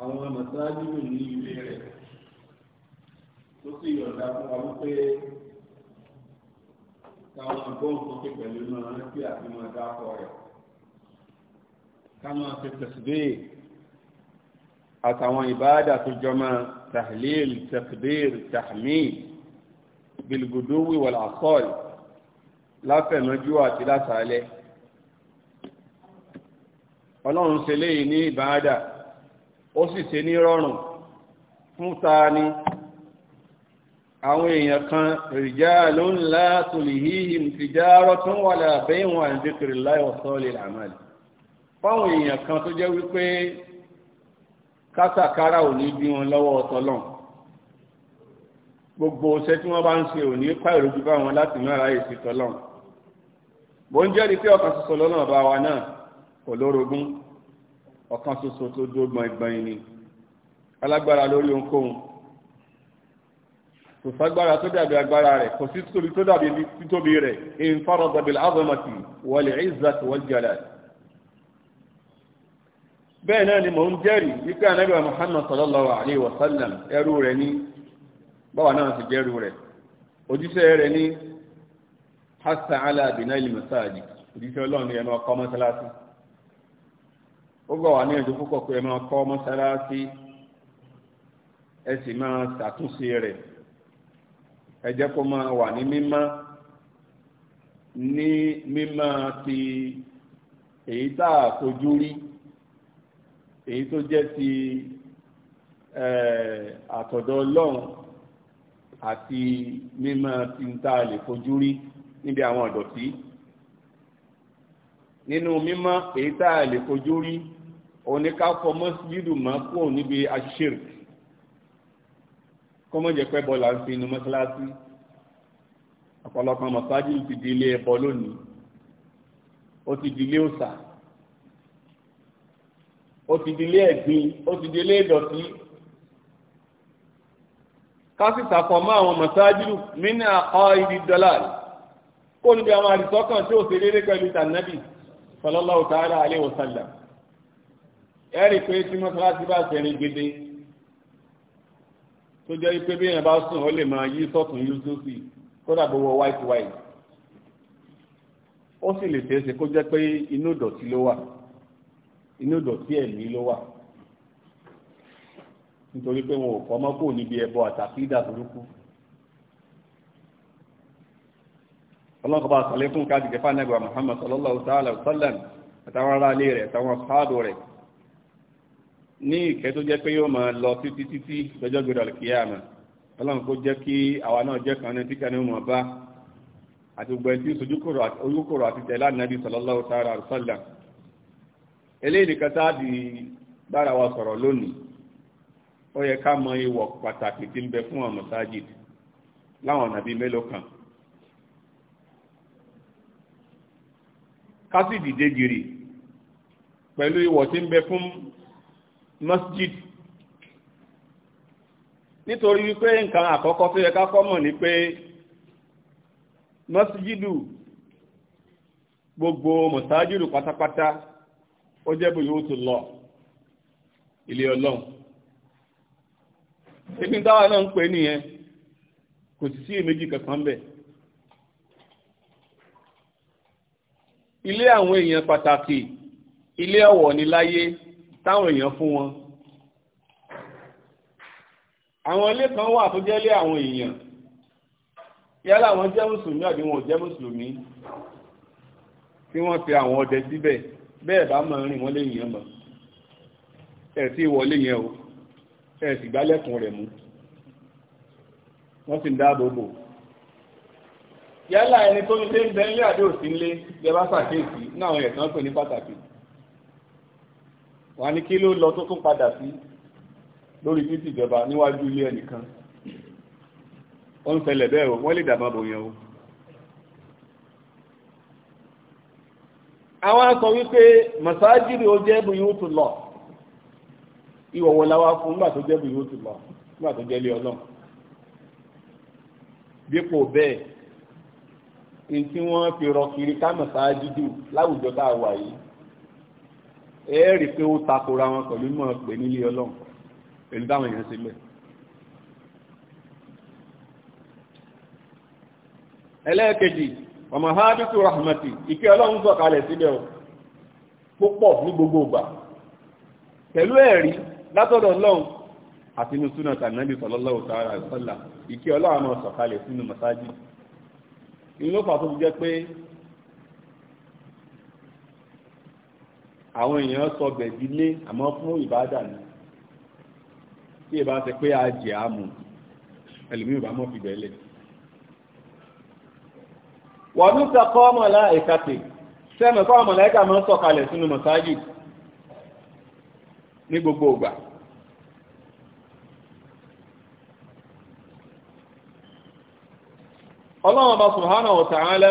àwọn mọ̀sáájú ní ilé rẹ̀ tó sì yọ̀ǹda fún wa wípé káwọn gbọ́n sókè pẹ̀lú náà rántí àti máa dákọ̀ rẹ̀ káwọn fi tẹ̀síbẹ̀ àtàwọn ìbáàdà tó jọmọ́ tahlil takbir tahmid bilgudowi wal asol láfẹ̀mọ́jú àti lásàálẹ̀ ọlọ́run ṣe léyìí ní ìbáàdà ó sì ṣe ní rọrùn fún taani àwọn èèyàn kan rijalun la tulhihim tijaratun wala bay'un an dhikrillahi wa salil a'mal fáwọn èèyàn kan tó jẹ́ wípé kátàkárà ò ní bí wọn lọ́wọ́ ọ̀tọ́lọ́n gbogbo ọ̀sẹ̀ tí wọ́n bá ń ṣe ò ní pa ìrójú bá wọn láti mẹ́ra èsì tọ́lọ́n bó ń jẹ́rìí pé ọkàn ṣoṣo lọ́nà bá wa náà kò lórogún ọ̀kan ṣoṣo tó dó gbọ̀ngbọ̀n ni alágbára lórí ohunkóhun kò ságbára tó dàbí agbára rẹ̀ kò sí tóbi tó dàbí títóbi rẹ̀ in farada bil azamati wal izzati wal jalal bẹ́ẹ̀ náà ni mò ń jẹ́rìí wípé ànábì wa Muhammad sallallahu alayhi wa sallam ẹrú rẹ̀ ní báwa náà ti jẹ́rú rẹ̀ òjíṣẹ́ rẹ̀ ní hasa ala binali masajid òjíṣẹ́ ọlọ́run ni ẹnu ọkọ̀ mọ́sálásí ó gbọ́ wà ní ẹ̀dùn púpọ̀ pé ẹ máa kọ́ mọ́sálásí ẹ sì máa ṣàtúnṣe rẹ̀ ẹ jẹ́ kó máa wà ní mímọ́ ní mímọ́ ti èyí tá a fojú rí èyí tó jẹ́ ti àtọ̀dọ̀ ọlọ́run àti mímọ́ ti ń tá a lè fojú rí níbi àwọn ọ̀dọ̀tí nínú mímọ́ èyí tá a lè fojú rí òun ni ká fọ mọ́sídìdù mọ́ kó níbi aṣírk kó mọ́ jẹ́ pé bọ́ọ̀lù àti inú mọ́sálásí ọ̀pọ̀lọpọ̀ mọ̀sáájú ti di ilé ẹbọ lónìí ó ti di ilé òòṣà ó ti di ilé ẹ̀gbin ó ti di ilé ìdọ̀tí ká sì sàfọ̀mọ́ àwọn mọ̀sáájú nínú àkọ́ ibi dọ́là kó níbi àwọn àdìsọ́kàn tí ó ṣe déédéé pẹ̀lú tànàbì sallallahu ta'ala alaihi wasallam ẹ̀rí pé tí mọ́sálásí bá tẹ̀rin gidi tó jẹ́ pé bí èèyàn bá sùn ó lè máa yí sọ́tún yí sósì kódà bó wọ white white ó sì lè tẹ̀sẹ̀ kó jẹ́ pé inú ìdọ̀tí ló wà inú ìdọ̀tí ẹ̀mí ló wà nítorí pé wọn ò kọ́ mọ́ kó níbi àtàkì ta'ala àtàwọn rẹ̀ àtàwọn rẹ̀ ní ìkẹ́ tó jẹ́ pé yóò máa lọ títí títí lọ́jọ́ gbèrò kíyámà ọlọ́run kó jẹ́ kí àwa náà jẹ́ kan ní tíkà ní ọmọ bá àti gbogbo ẹni tí ojúkòrò àti tẹ̀lá nàbí sallallahu ta'ala alaihi wasallam eléyìí nìkan sáàdì bára wa sọ̀rọ̀ lónìí ó yẹ ká mọ ìwọ̀ pàtàkì tí ń bẹ fún àwọn masajid láwọn ọ̀nà bíi mélòó kan ká sì dìde gìrì pẹ̀lú ìwọ̀ tí ń bẹ fún masjid nítorí wípé nǹkan àkọ́kọ́ tó yẹ ká kọ́ mọ̀ ni pé masjidu gbogbo mọ̀sájúdù pátápátá ó jẹ́ bóyá ó ti lọ ilé ọlọ́run ibi táwa náà ń pè nìyẹn kò sì sí èméjì kankan bẹ̀ ilé àwọn èèyàn pàtàkì ilé ọ̀wọ̀ ni láyé táwọn èèyàn fún wọn àwọn ilé kan wà tó jẹ́lé àwọn èèyàn yálà wọ́n jẹ́ mùsùlùmí àbí wọn ò jẹ́ mùsùlùmí tí wọ́n fi àwọn ọdẹ síbẹ̀ bẹ́ẹ̀ bá mọ̀ rìn wọ́n lè yàn mọ̀ ẹ̀ sí ìwọlé yẹn o ẹ̀ sì gbálẹ̀kùn rẹ̀ mú wọ́n sì ń dáàbò bò yálà ẹni tó ní lé ń bẹ́ńlé àdé òsínlé jẹba sàkéèsì náà ẹ̀sán pè ní pàtàkì wà ní kí ló lọ tó tún padà sí lórí títì ìjọba níwájú ilé ẹnìkan ó ń ṣẹlẹ̀ bẹ́ẹ̀ o wọ́n lè dàbà bò yẹn o àwọn sọ wípé masajiri ó jẹ́ buyutullah ìwọ̀wọ̀ láwá fún nígbà tó jẹ́ buyutullah nígbà tó jẹ́ ilé ọlọ́run dípò bẹ́ẹ̀ èyí tí wọ́n fi rọ kiri ká masajiri láwùjọ tá a wà yìí ẹ rí pé ó takora wọn pẹ̀lú mọ̀ nílé ọlọ́run pẹ̀lú báwọn èèyàn ṣe ẹlẹ́ẹ̀kejì ọmọ hábítù rahmati ọlọ́run púpọ̀ ní gbogbo pẹ̀lú ẹ̀rí ọlọ́run àti inú súnà tànàbí ọlọ́run sọ̀kalẹ̀ sínú màsájì inú jẹ́ àwọn èèyàn sọ gbẹ̀dí lé àmọ́ fún ìbádà ni tí ìbá ṣe pé a jẹ àmù ẹlòmíì bá mọ́ fi bẹ̀lẹ̀ wà ní sàkọ́ ọmọlá ìkàtì sẹ́mi kọ́ ọmọlá ìkà máa ń sọ̀kalẹ̀ sínú mọ̀sáàjì ní gbogbo ìgbà ọlọ́run ọba subhanahu wa ta'ala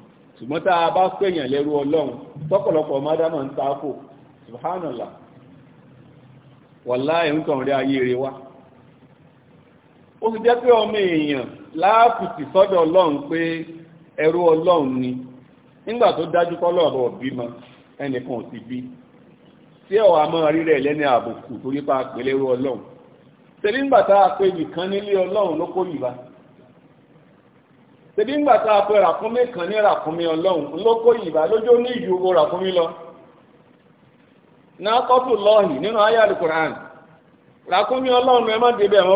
ṣùgbọ́n tá a bá pèèyàn lẹ́rú ọlọ́run tọ́pọ̀lọpọ̀ mádàmà ń takò subhanallah wàláhì ń tàn rí ayé rẹ wá ó sì jẹ́ pé ọmọ èèyàn láàpùtì sọ́dọ̀ pé ẹrú ọlọ́run ni nígbà tó dájú kọ́lọ̀ ọ̀rọ̀ bí ṣebí ńgbà tá a kan ní ràkúnmí ọlọ́run ló ìbá lójó ní ìjù owó ràkúnmí lọ náà kọ́tù lọ́ọ̀hì nínú ayé alukuran ràkúnmí ọlọ́run má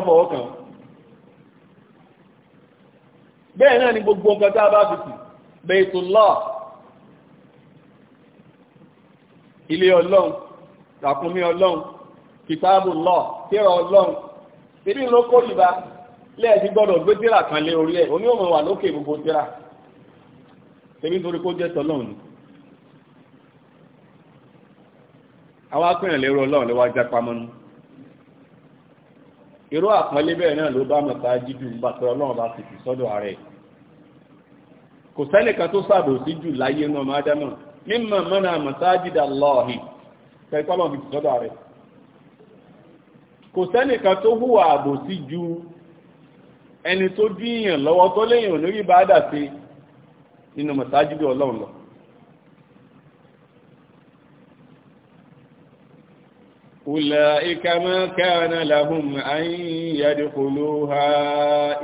fọwọ́ kan bẹ́ẹ̀ náà ni gbogbo nǹkan tá a bá fi tì bẹ́ẹ̀tù lọ́ ilé ọlọ́run ràkúnmí ọlọ́run kìtàbù lọ́ kíra ọlọ́run ṣebí lẹ́ẹ̀dí gbọ́dọ̀ gbé tíra kan lé orí ẹ̀ oní òmò wà lókè gbogbo tíra tẹ́bí torí kó jẹ́ tọ́lọ́run àwọn akpẹ́yàn lérò ọlọ́run lọ́wọ́ irú àpọ́nlé bẹ́ẹ̀ náà ló bá mọ̀ta jíjù ń bá bá tó sàbò jù láyé náà dámọ̀ mímọ̀ mọ́nà mọ̀ta lọ́ọ̀hìn sọ́dọ̀ ààrẹ tó hùwà àbòsí ju ẹni tó díyàn lọ́wọ́ tó léyìn ò lórí bá dà sí nínú mọ̀sájúdé ọlọ́run lọ أولئك ما كان لهم أن يدخلوها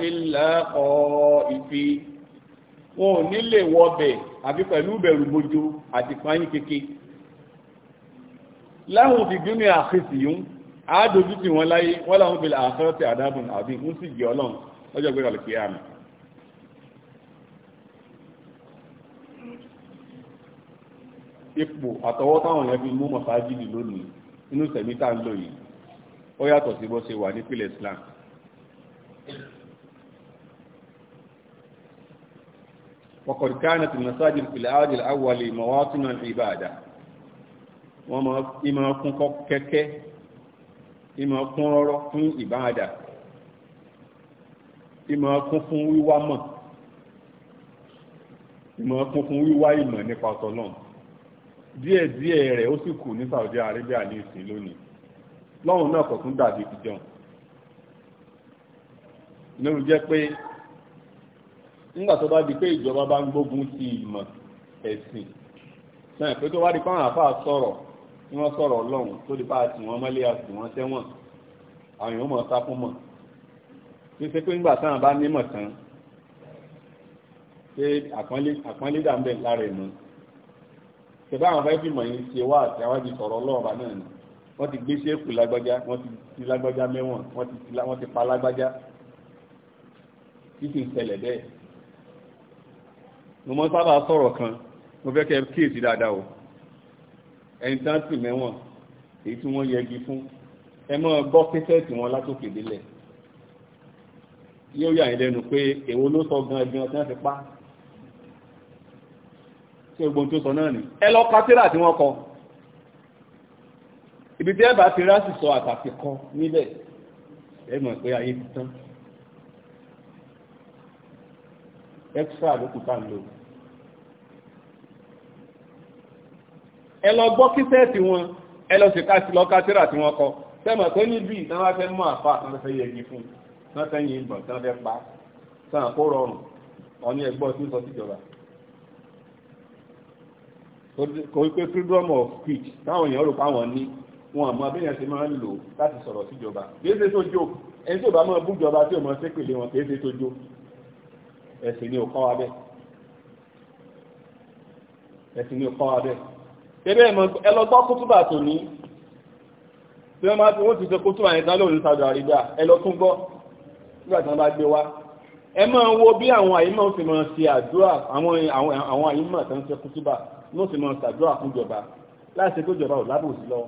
إلا خائفين wọn ò ní lè wọbẹ̀ àbí pẹ̀lú bẹ̀rù bojo àti pààyàn kéèké láhùn fi gbínú àkìsì yún àádójú tí wọ́n láyé wọ́n láhùn fi àkọ́rọ̀tì àdábùn àbí ń sì jẹ́ ọlọ́run lọ́jọ́ gbé kalẹ̀ kí á mi. ipò àtọwọ́ táwọn yẹn fi mú mọ̀sáájìdì lónìí inú sẹ̀mí tá ń lò yìí ó yàtọ̀ sí bó ṣe wà nípìnlẹ̀ Islam. وقد كانت المساجد في العهد الأول مواطن العبادة وما إما كن ككك إما كن رفن عبادة ìmọ̀ kún fún wíwá mọ̀ ìmọ̀ kún fún wíwá ìmọ̀ nípa ọ̀tọ̀lọ́n díẹ̀ díẹ̀ rẹ̀ ó sì kù ní Saudi Arabia ní ìsìn lónìí lọ́run náà kò tún dàbí ìjọ lórí jẹ́ pé nígbà tó bá di pé ìjọba bá ń gbógun ti ìmọ̀ ẹ̀sìn sẹ́yìn pé tó wá di pàwọn àfáà sọ̀rọ̀ tí wọ́n sọ̀rọ̀ ọlọ́run tó di pàtì wọn mọ́lé àti wọn sẹ́wọ̀n àwọn èèyàn mọ̀ sá fún mọ̀ kí n ṣe pé nígbà táwọn bá nímọ̀ tán pé àpọ́nlé dà ń bẹ̀ lára ìmọ̀ ṣẹ̀bá àwọn fẹ́ fìmọ̀ yìí ṣe wá àti àwọn ibi sọ̀rọ̀ ọlọ́ọ̀bá náà ni wọ́n ti gbé ṣéèkù lágbájá wọ́n ti ti lágbájá mẹ́wọ̀n wọ́n ti pa lágbájá títí ìṣẹ̀lẹ̀ bẹ́ẹ̀ mo mọ́ sábà sọ̀rọ̀ kan mo fẹ́ kẹ́ kíyèsí dáadáa o ẹni tán sì mẹ́wọ̀n èyí tí wọ́n yẹgi fún ẹ mọ́ gbọ́ kẹ́sẹ̀tì wọn látòkè délẹ̀ yóò yà ìlẹ́nu pé èwo ló sọ gan ẹgbẹ́ ọ̀tí wọ́n ti pa tí ogun tó sọ náà ni ẹ lọ ka tírà tí wọ́n kọ ibi tí ẹbà ti rásì sọ àtàfi kọ níbẹ̀ ẹ mọ̀ pé ayé ti tán extra ló kù tá ń lò ẹ lọ gbọ́ kíṣẹ́ẹ̀tì wọn ẹ lọ sì ká sí lọ ka tírà tí wọ́n kọ sẹ́mọ̀ pé níbi ìtàn wá fẹ́ mú àfà àtàwọn fẹ́ yẹgi fún un tán tẹ́yìn ìbọn tán fẹ́ pa tán kó rọrùn ọní ẹgbọ́ tí ó sọ síjọba kò wípé freedom of speech táwọn èèyàn rò páwọn ní wọn àmọ́ abẹ́yàn ṣe máa ń lò láti sọ̀rọ̀ síjọba kìí ṣe tó jó ẹni tí ò bá máa bú ìjọba tí ò máa ṣépèlé wọn kìí ṣe tó jó ẹ̀sìn ni ò kọ́ wa bẹ́ẹ̀ ẹ̀sìn ni ò kọ́ wa bẹ́ẹ̀ tẹ́lẹ̀ ẹlọgbọ́ kútùbà tó ní tí wọ́n máa fi wọ́n ti sọ kútùbà yẹn dá lóòrùn sàdọ̀ àrídà ẹlọ́tún gbọ́ nígbà tí wọ́n bá gbé wá ẹ máa wo bí àwọn àyímọ̀ sì máa ṣe àdúrà àwọn àyímọ̀ tó ń ṣe kútúbà wọ́n sì máa ṣàdúrà fún ìjọba láìsí pé ìjọba ò lábòsí lọ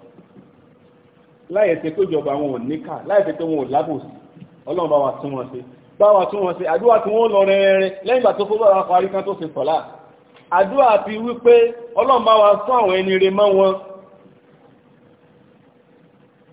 láìsí pé ìjọba wọn ò níkà láìsí pé wọn ò lábòsí ọlọ́run bá wa tún wọn ṣe bá wa tún wọn ṣe àdúrà tí wọ́n lọ rẹ̀rẹ̀ lẹ́yìn ìgbà tó kó bá wa parí kan tó ṣe pọ̀lá àdúrà ti wípé ọlọ́run bá wa sún àwọn ẹni rẹ̀ mọ́ wọn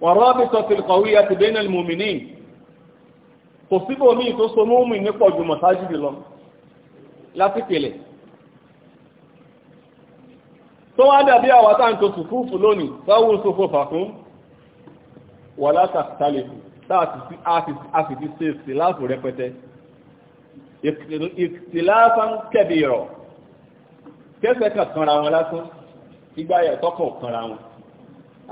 warabitati alqawiyati bainal mu'minin kò síbò ní tó so múmi nípa ọjọ́ mọ̀sájìdì lọ láti pèlè tó wá dàbí àwátá ń tó sùfúfù lónìí sáwọ́ sófò fàkún wà látàkìtàlẹ̀kù táàtì ti ṣe ìsìláàfù rẹpẹtẹ ìsìláàfán kẹbìrọ̀ kẹsẹ̀ kàkànra wọn lásán ìgbáyẹ̀ tọ́kọ̀ kànra wọn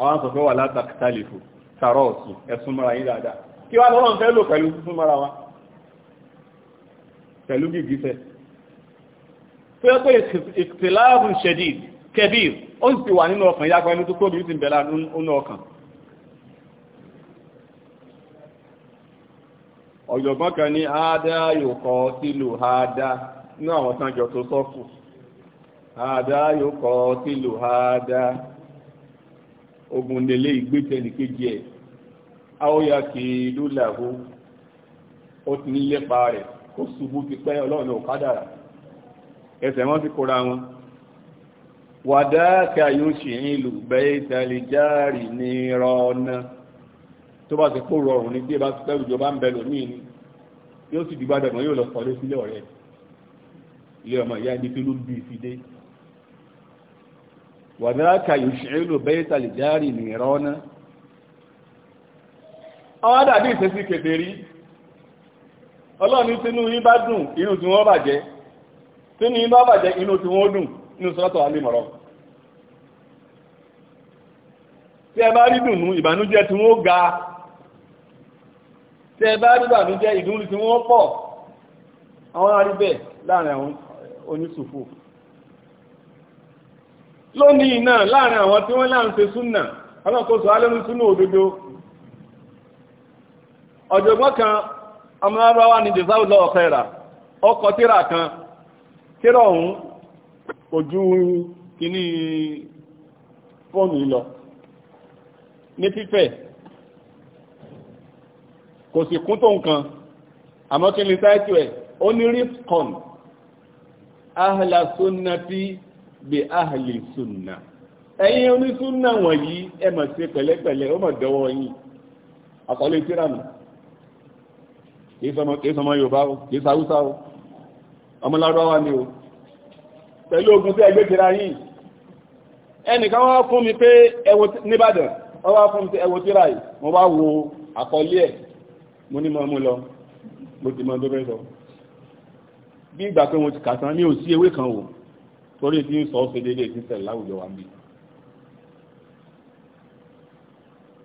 àwọn sọ pé wà látàkítàlìfò tààrọ ọ̀sùn ẹ̀sùn mara yín dáadáa kí wá lọ́wọ́n fẹ́ lò pẹ̀lú fún mara wa pẹ̀lú gìgísẹ̀ pé pé ìtìláàbùn ṣẹ̀dì kẹbíir ó sì wà nínú ọkàn ìyá pẹ̀lú tó tóbi ti bẹ̀lá nínú ọkàn ọ̀jọ̀gbọ́n kan ní àádá yóò kọ́ ogun nílé ìgbésẹ̀ni kejì ẹ̀ áóyá kì í lólà ó ó ti ní lépa rẹ̀ kó ṣubú ti pẹ́ ọlọ́run ò kádàrà ẹsẹ̀ wọ́n ti kóra wọn wàdáàkà yóò ṣì ń lù bẹ́ ìtàlẹ̀ jáàrì ní rọ́ọ̀nà tó bá ti kó rọrùn ní bí bá ti pẹ́rù jọba ń bẹ lómi ni yóò sì dìgbàdàgbọ́n yóò lọ sọ lé ọ̀rẹ́ ilé ọmọ ìyá ibi tó ló bí ìfidé wàdáàkà yòṣèlú bẹ́ẹ̀ta lè járì ní ìrọ́nà ọwọ́ dàbí ìsẹ́sí kèfè rí ọlọ́ni tínú yí bá dùn inú tí wọ́n jẹ́ tínú yí bá jẹ́ inú tí wọ́n dùn inú sọ́tọ̀ alìmọ̀rọ̀ tí ẹ bá rí ìbànújẹ́ tí wọ́n ga tí ẹ bá rí ìbànújẹ́ ìdúnrí tí wọ́n pọ̀ àwọn arí bẹ́ẹ̀ láàrin àwọn oníṣùfò lónìí náà láàrin àwọn tí wọ́n láàrin ṣe súnà ọlọ́kóso alẹ́nu súnà òdodo ọ̀jọ̀gbọ́n kan ọmọ aráwá ní jésù lọ́wọ́ fẹ́ra ọkọ̀ tíra kan tíra ọ̀hún ojú kìíní fóònù lọ ní fífẹ̀ kò sì kún tó nǹkan àmọ́ kí bi ahli sunna ẹ̀yin onísúnà wọ̀nyí ẹ máa se pẹ̀lẹ́pẹ̀lẹ́ ó máa dọwọ yín àkọlé tíranù kìí sọmọ yorùbá o kìí o wa ni o pẹ̀lú ogun tí ẹgbẹ tíra yìí ẹnìkan wá fún mi pé ẹwọ níbàdàn wá fún mi pé ẹwọ tíra yìí wo mo ní lọ mo ti mọ́ tó sọ bí ìgbà pé mo ti kà kan wò torí tí ń sọ ṣe déédé ìtìsẹ̀ láwùjọ wa bí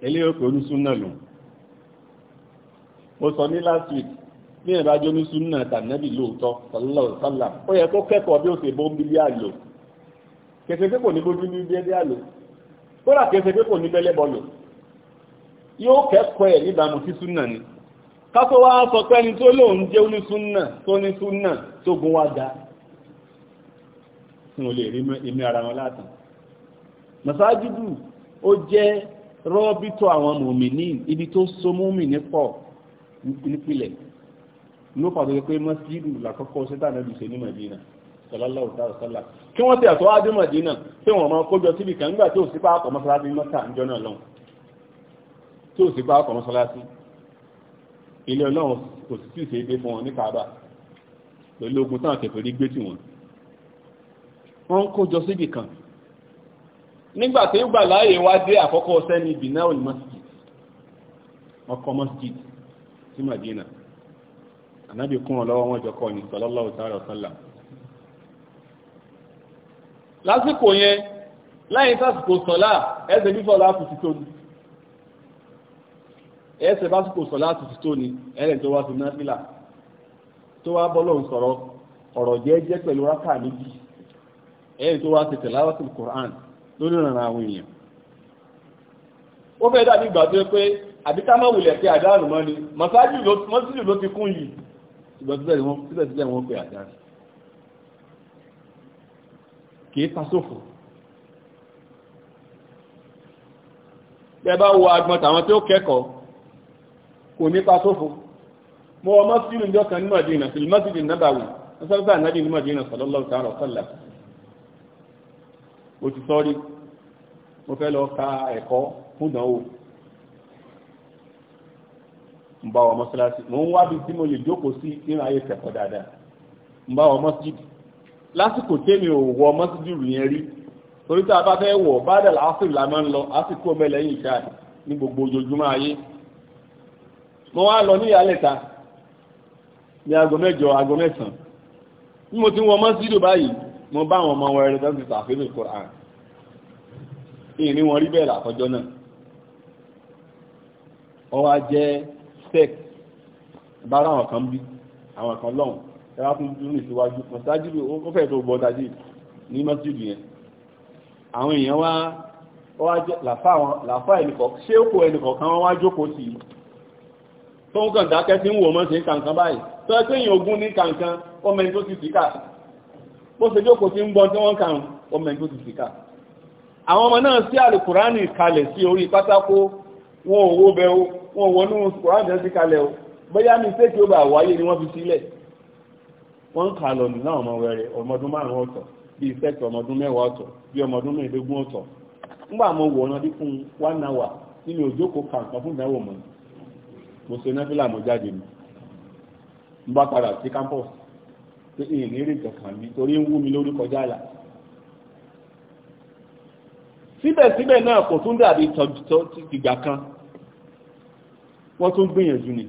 eléyò pé onísúnà lò mo sọ ní last week ní ìrìnàjò onísúnà tànẹ́bì lóòótọ́ sọlọ́sọ́là ó yẹ kó kẹ́kọ̀ọ́ bí ó ṣe bó ń bí àlò kẹsẹ̀ pé kò ní bójú ní bí àlò kódà kẹsẹ̀ pé kò ní bẹ́lẹ́ bọ́lò yóò kẹ́kọ̀ọ́ ẹ̀ níbàámu sí súnà ni ká wá sọ pé ẹni tó lóun jẹ́ onísúnà tó ní tó gun wá dáa tí wọ́n lè rí inú ara wọn látàn masájúdù ó jẹ́ rọ́bítọ̀ àwọn mòmìnì ibi tó so mòmìnì pọ̀ nípìnlẹ̀ ló pàtó pé masjidu làkọ́kọ́ sẹ́tà náà dùsẹ̀ ní Madina sallallahu ta'ala sallá kí wọ́n ti àtọ́ adé Madina tí wọ́n máa kójọ síbi kan nígbà tí ò sí pápọ̀ mọ́sálásí mọ́ta níjọ́ náà lọ́hùn tí ò sí pápọ̀ mọ́sálásí ilé ọlọ́run kò sí sí ìṣe dé fún wọn ní Kaaba pẹ̀lú ogun táwọn kẹfẹ́ rí gbé tí wọn wọ́n ń kójọ síbì kan nígbà tí ó gbà láàyè wá dé àkọ́kọ́ sẹ́ni ìbìnáwò ní masjid ọkọ̀ masjid sí Madina ànábì kún wọn lọ́wọ́ wọn jọ kọ́ ní sallallahu ta'ala sallam lásìkò yẹn láyé sásìkò sọ̀lá ẹsẹ̀ bífọ̀ láàfù ti tó ni ẹsẹ̀ básìkò sọ̀lá ti ti tó ni ẹlẹ́ tó wá sí náfìlà tó wá bọ́lọ̀ ń sọ̀rọ̀ ọ̀rọ̀ jẹ́ẹ́jẹ́ pẹ̀lú rákà méjì ẹ̀yìn tó wá ti tilawatul Qur'an lórí ìrànà àwọn èèyàn ó fẹ́ dàbí ìgbà tó pé àbíká mọ́ wulẹ̀ pé àdánù mọ́ ni mọ́sílù ló ti kún yìí ṣùgbọ́n síbẹ̀síbẹ̀ wọ́n pè àdánù kìí tasófò bẹ́ẹ̀bá wo agbọn tàwọn tí ó kẹ́kọ̀ọ́ kò ní tasófò mọ́ ọmọ sílù ìjọ kan ní Madina sílù mọ́sílù Nabawi ní sọ́lọ́sà náà ó ti sọ́rí mo fẹ́ lọ ka ẹ̀kọ́ fún ìdánwò ń bá wọ mọ́sálásí mo ń wábi tí mo lè jókòó sí nínú ayé kẹ̀kọ́ dáadáa ń bá wọ mọ́síjìdì lásìkò tèmi ò wọ mọ́síjìdì yẹn rí torí tá a bá fẹ́ wọ̀ bádàlá ásìrì la máa ń lọ àsìkò ọmọ ẹlẹ́yìn ìṣá ní gbogbo ojoojúmọ́ ayé mo wá lọ ní ìyálẹ̀ta ní aago mẹ́jọ aago mẹ́sàn-án bí mo ti wọ mọ́síjìdì báyìí mo bá àwọn ọmọ wẹrẹ tó ti tàfíìlì Qur'an ìní wọn rí bẹ́ẹ̀ làkọjọ́ náà ọ wá jẹ́ sec bára àwọn kan bí àwọn kan lọ́hùn ẹwà fún dúró ìsíwájú mọ̀sájú ó fẹ́ tó bọ́ dájú ní mọ́sídù yẹn àwọn èèyàn wá làfá ẹnìkọ̀ ṣé ó kó ẹnìkọ̀ kan wọ́n wá jókòó sí tó ń kàn dákẹ́ sí ń wò mọ́ sí kankan báyìí tó ẹgbẹ́ èèyàn ogún ní kankan ó mẹ́ni tó ti síkà bó ṣe jókòó tí ń gbọ́ tí wọ́n kàn ọmọ ẹ̀gbọ́ ti fìkà àwọn ọmọ náà sí alùkùránì kalẹ̀ sí orí pátákó wọn ò bẹ o wọn wọnú kùránì tẹ́sí kalẹ̀ o bóyá ní sẹ́kì ó bà wáyé ni wọ́n fi sílẹ̀ wọ́n kà lọ nínú àwọn ọmọ wẹ̀rẹ̀ ọmọdún márùn ọ̀tọ̀ bíi sẹ́kì ọmọdún mẹ́wàá ọ̀tọ̀ bíi ọmọdún mẹ́ẹ̀ẹ́dógún ọ̀tọ̀ ńgbà mo wòran dí fún one hour nínú òjókòó kàǹkan fún ìdánwò mọ́ mo ṣe náfìlà mo jáde mi ń bá padà sí campus pé èèní rìn kankan bí torí ń wú mi lórí kọjá àlà síbẹ̀síbẹ̀ náà kò tún dàbí ìgbà kan wọ́n tún gbìyànjú ni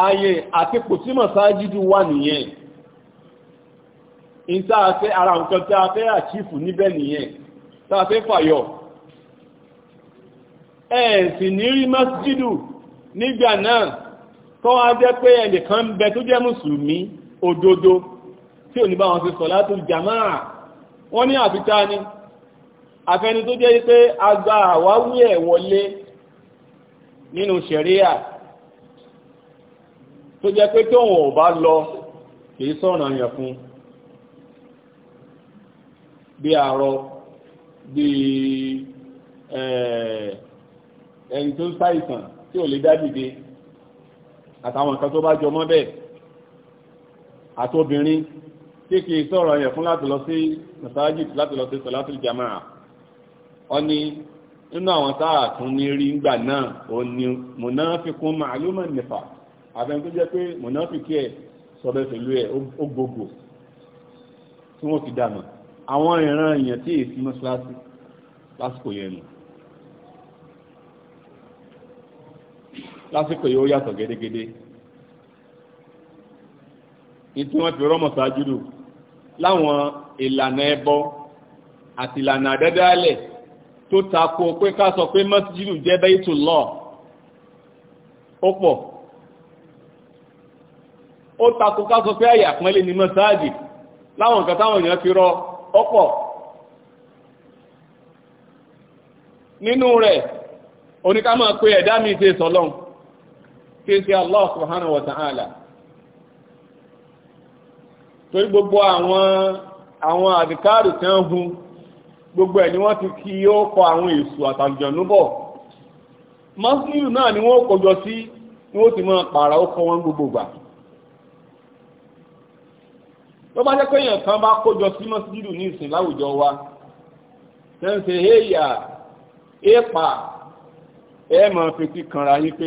ààyè àti kò tí mọ̀sáájídú wà nìyẹn in tá a fẹ́ ara nǹkan tí a fẹ́ àchífù níbẹ̀ nìyẹn tá a fẹ́ fàyọ̀ ẹ̀ẹ̀sì ní rí mọ́síjídù nígbà náà tó wá jẹ́ pé ẹnìkan ń bẹ tó jẹ́ mùsùlùmí òdodo tí ò ní bá wọn ṣe sọ̀látùl jàmáà wọ́n ní àfitá ni àfẹni tó jẹ́ pé agba àwáwí ẹ̀ wọlé nínú ṣẹ̀ríà tó jẹ́ pé tóun ò bá lọ kìí sọ̀rọ̀ yẹn fún bí àárọ̀ bí ẹni tó ń ṣàìsàn tí ò lè dá dìde àtàwọn nǹkan tó bá jọ mọ́ bẹ́ẹ̀ àtobìnrin kéèkéè sọ̀rọ̀ yẹn fún láti lọ sí masajid láti lọ sí salatul jamaa ọ ni nínú àwọn táà tún ní rí ńgbà náà ò ní munafikun ma'luman nifa àfẹn tó jẹ́ pé munafiki ẹ̀ sọ̀bẹ̀ pẹ̀lú ẹ̀ ó gbogbo tí wọ́n ti dànù àwọn ìran èèyàn tí èsì mọ́ṣáláṣí lásìkò yẹn nù lásìkò yóò yàtọ̀ gédégédé ìtí wọ́n fi rọ́mọ̀ ṣáájú dù láwọn ìlànà ẹbọ àti ìlànà àdẹ́dálẹ̀ tó tako pé ká sọ pé mọ́síjìdù jẹ́ tó lọ ó pọ̀ ó tako ká sọ pé àyà pọ́nlé ní mọ́sáàdì láwọn nǹkan táwọn èèyàn fi rọ ó pọ̀ nínú rẹ̀ tí ṣe Allah subhanahu wa ta'ala torí gbogbo àwọn àwọn àdìkáàrù tí gbogbo ẹ̀ ni wọ́n ti kí ó kọ àwọn èṣù àtàlùjọ̀núbọ̀ mọ́sílù náà ni wọ́n kọjọ ni ó ti máa pààrà ó kọ wọn gbogbo gbà tó bá jẹ́ kan bá kójọ sí mọ́sílù ní ìsìn láwùjọ wa tẹ́ǹsẹ̀ èèyà èèpà ẹ̀ fetí kanra yí pé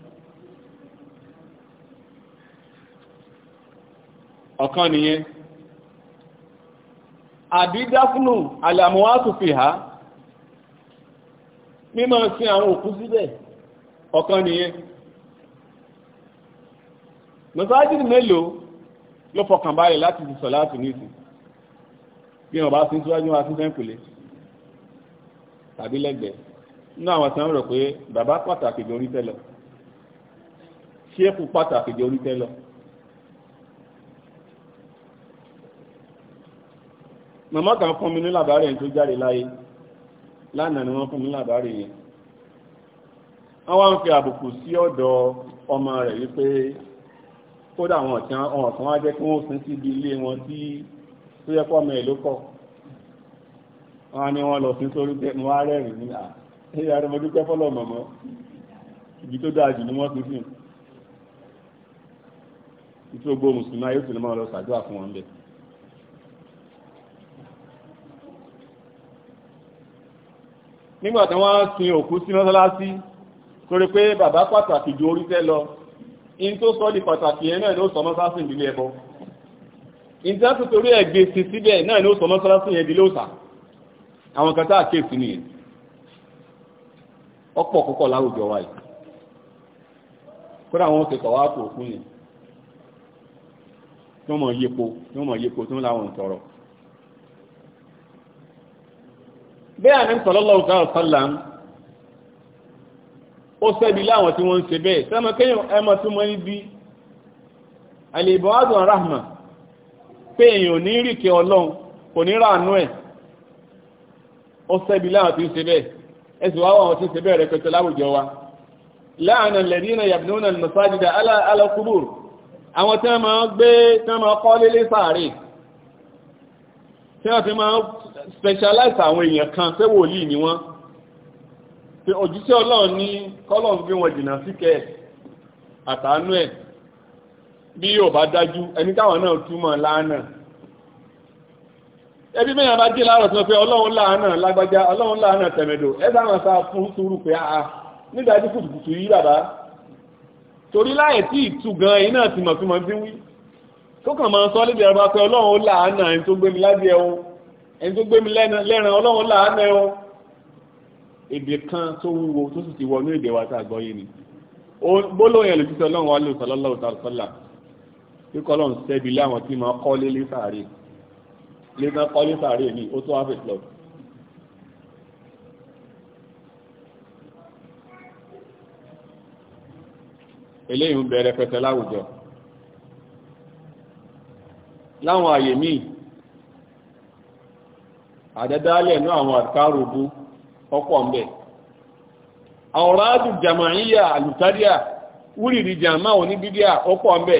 ọ̀kan nìyẹn àbídáfúnù alàmúwátùfìhá mímọ̀ sí àwọn òkú síbẹ̀ ọ̀kan nìyẹn mọ̀sáájìdì mélòó ló fọkàn báyìí láti ti sọ láti nìsí bí wọ́n bá sí síwájú wá sí sẹ́ǹkùlé tàbí lẹ́gbẹ̀ẹ́ nínú àwọn tí wọ́n pé bàbá pàtàkì jọ orí màmá kan fún mi ní làbárì yẹn tó jáde láyé lánàá ni wọ́n fún mi ní làbárì yẹn wọ́n wá ń fi àbùkù sí ọ̀dọ̀ ọmọ rẹ̀ wípé kódà àwọn ọ̀tán ọ̀tán wá jẹ́ kí wọ́n sin síbi ilé wọn tí tó yẹ kọ́mọ ẹ̀ ló kọ̀ wọ́n ní wọ́n lọ sí sórí pé mo wá rẹ́rìn ní à ní ìyá rẹ̀ mo dúpẹ́ fọ́lọ̀ mọ̀mọ́ ibi tó dáa jù ni wọ́n ti sìn ìtí gbogbo mùsùlùmí ayé òsèlú máa lọ ṣàdúrà fún wọn bẹ́ẹ̀ nígbà tí wọ́n sin òkú sí mọ́sálásí torí pé bàbá pàtàkì ju oríṣẹ́ lọ in tó sọ di pàtàkì ẹ̀ náà ló sọ mọ́sálásí ìdílé ẹbọ in tí wọ́n ti torí ẹ̀gbẹ́ sí síbẹ̀ náà ló sọ mọ́sálásí yẹn di lóòsà àwọn kan tá à kéèsì nìyẹn ọ̀pọ̀ kókó láwùjọ wa yìí kódà wọn ti kọ̀ wá kò òkú yẹn tí wọ́n mọ̀ yípo tí wọ́n mọ̀ yípo tí wọ́n láwọn sọ̀rọ̀ bẹ́ẹ̀ àná sallallahu alaihi wasallam ó sẹ́bi láwọn tí wọ́n ń ṣe bẹ́ẹ̀ sẹ́mọ kéèyàn ẹmọ tí wọ́n ń bí àlèbọ̀wádùn rahma pé èèyàn ní ríkẹ́ ọlọ́run kò ní ràánú ẹ̀ ó sẹ́bi láwọn tí ń ṣe bẹ́ẹ̀ ẹ̀sùn wáwọ̀ àwọn tí specialize àwọn èèyàn kan pé wòlíì ni wọ́n pé òjíṣẹ́ ọlọ́run ní kọ́lọ̀ gbé wọn jìnnà síkẹ́ àtàánú ẹ̀ bí yóò bá dájú ẹni táwọn náà túmọ̀ láàánà ẹbí mẹ́rin bá dé láàárọ̀ tí wọ́n fẹ́ ọlọ́run láàánà lágbájá ọlọ́run láàánà tẹ̀mẹ̀dò ẹgbẹ́ àwọn sá fún sùúrù pé a nígbàjú kùtùkùtù yí bàbá torí láì tí ìtù gan ẹ̀yìn náà ti mọ̀ tí mo ti wí tó kàn máa sọ lédè ẹ̀rọ bá pé ọlọ́run láàánà ẹni tó gbé mi lábẹ́ ẹ̀hún ẹni tó gbé mi lẹ́ran ọlọ́run láàánú ẹ̀ o èdè kan tó wúwo tó sì ti wọnú èdè wa tá a gbọ́ yé ni gbólóhùn yẹn lòtítọ́ ọlọ́run wa lò sọlọ́lọ́ òtàlọ́sọ́là kíkọ́ ọlọ́run sẹ́bi láwọn tí máa kọ́ lé lé sàárè lé máa kọ́ lé sàárè ní ó tó áfẹ́ club. eléyìí ń bẹ̀rẹ̀ pẹ̀tẹ̀ láwùjọ láwọn àyè míì àdádálẹ̀ náà àwọn àdìkáròbú ọkọ̀ ń bẹ àwòrádù jàmáyíyà àlùtádíà wúrìrì jàmá oníbídíà ọ̀pọ̀ ń bẹ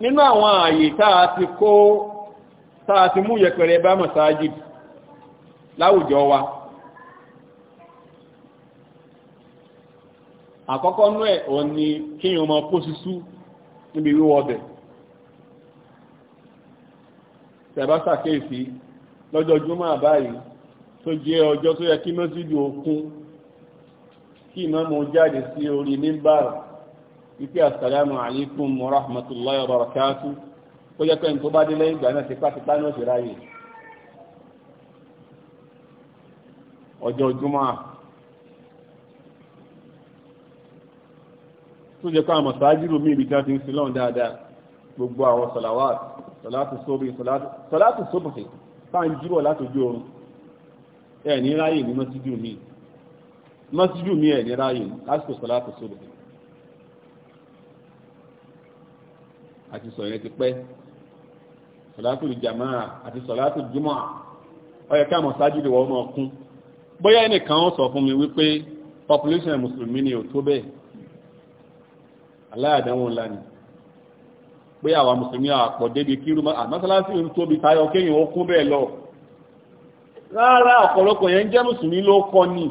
nínú àwọn ààyè táa ti kó táa ti mú yẹpẹrẹ bá masajid láwùjọ wa àkọ́kọ́ nú ẹ̀ kó níbi tẹ̀bá ṣàkíyèsí lọ́jọ́ júmọ́ àbáyìí tó jẹ́ ọjọ́ tó yẹ kí mọ́sídì òkun kí ìmáàmù jáde sí orí mímbàrà wípé assalamu alaikum wa rahmatullahi wa barakatuh ó yẹ pẹ́yìn tó bá dé lẹ́yìn ìgbà náà ti pátipá náà sì ráyè gbogbo àwọn sọ̀làwáàtì sọ̀látù sóbì sọ̀látù sóbì tá ń jíbọ̀ látòjú oorun ẹ̀ ní ráyè ní mọ́síjú mi mọ́síjú mi ẹ̀ ní ráyè lásìkò sọ̀látù sóbì àti sọ̀rọ̀ yẹn ti pẹ́ sọ̀látù jamaa àti sọ̀látù jímọ̀ ó yẹ káàmọ̀ sáájú lè wọ́n mọ́ ọkún bóyá ẹnìkan sọ fún mi wípé population mùsùlùmí ni ò tó bẹ́ẹ̀ aláàdánwò ńlá ni pé àwọn mùsùlùmí àpọ̀ débi kírù mọ́sálásí ń tóbi tayọ kéyìn ó kún bẹ́ẹ̀ lọ rárá ọ̀pọ̀lọpọ̀ yẹn jẹ́ musulmi ló kọ́ ní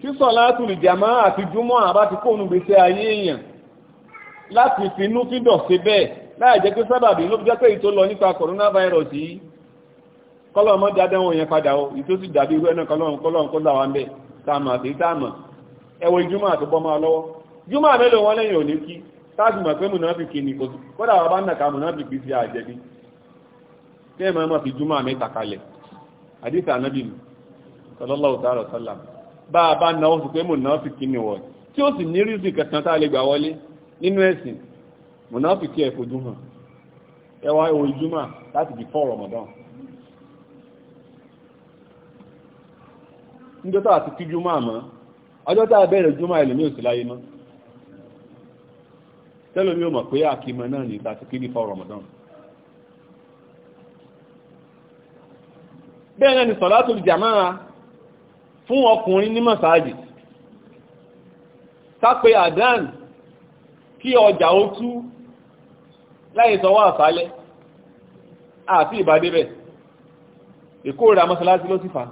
kí sọ̀látù lí àti júmọ́ àbá ti kóònù gbèsè ayé èèyàn láti finú fídọ̀ sí bẹ́ẹ̀ láì jẹ́ pé sábàbí ló jẹ́ pé ìtó lọ nípa yẹn padà ó ìtó sì dàbí irú ẹ̀nà kó wá ń bẹ̀ táàbì mọ̀ pé mùnáfìkì ni kò kódà wà bá ń nàka mùnáfìkì sí àjẹbí kí ẹ̀mọ̀ ẹmọ̀ fi júmọ́ mẹ́ta kalẹ̀ àdísà anábì sallallahu ta'ala sallam bá a bá náwó sí pé mùnáfìkì ni wọ̀ tí ó sì ní rízì kẹsàn tá a lè gbà wọlé nínú ẹ̀sìn mùnáfìkì ẹ̀ fojú àmọ́ ọjọ́tà bẹ̀rẹ̀ ìjúmọ́ ẹlòmí náà tẹ́lẹ̀ mi ò mọ̀ pé àkímọ̀ náà ní ìta ti kí before Ramadan bẹ́ẹ̀ náà ni sọ̀látù jàmáà fún ọkùnrin ní mọ̀sáàjì sápé àdán kí ọjà ó tú láì sọwọ́ àsálẹ́ àti ìbádébẹ̀ ìkórìíra mọ́sálásí ló ti fà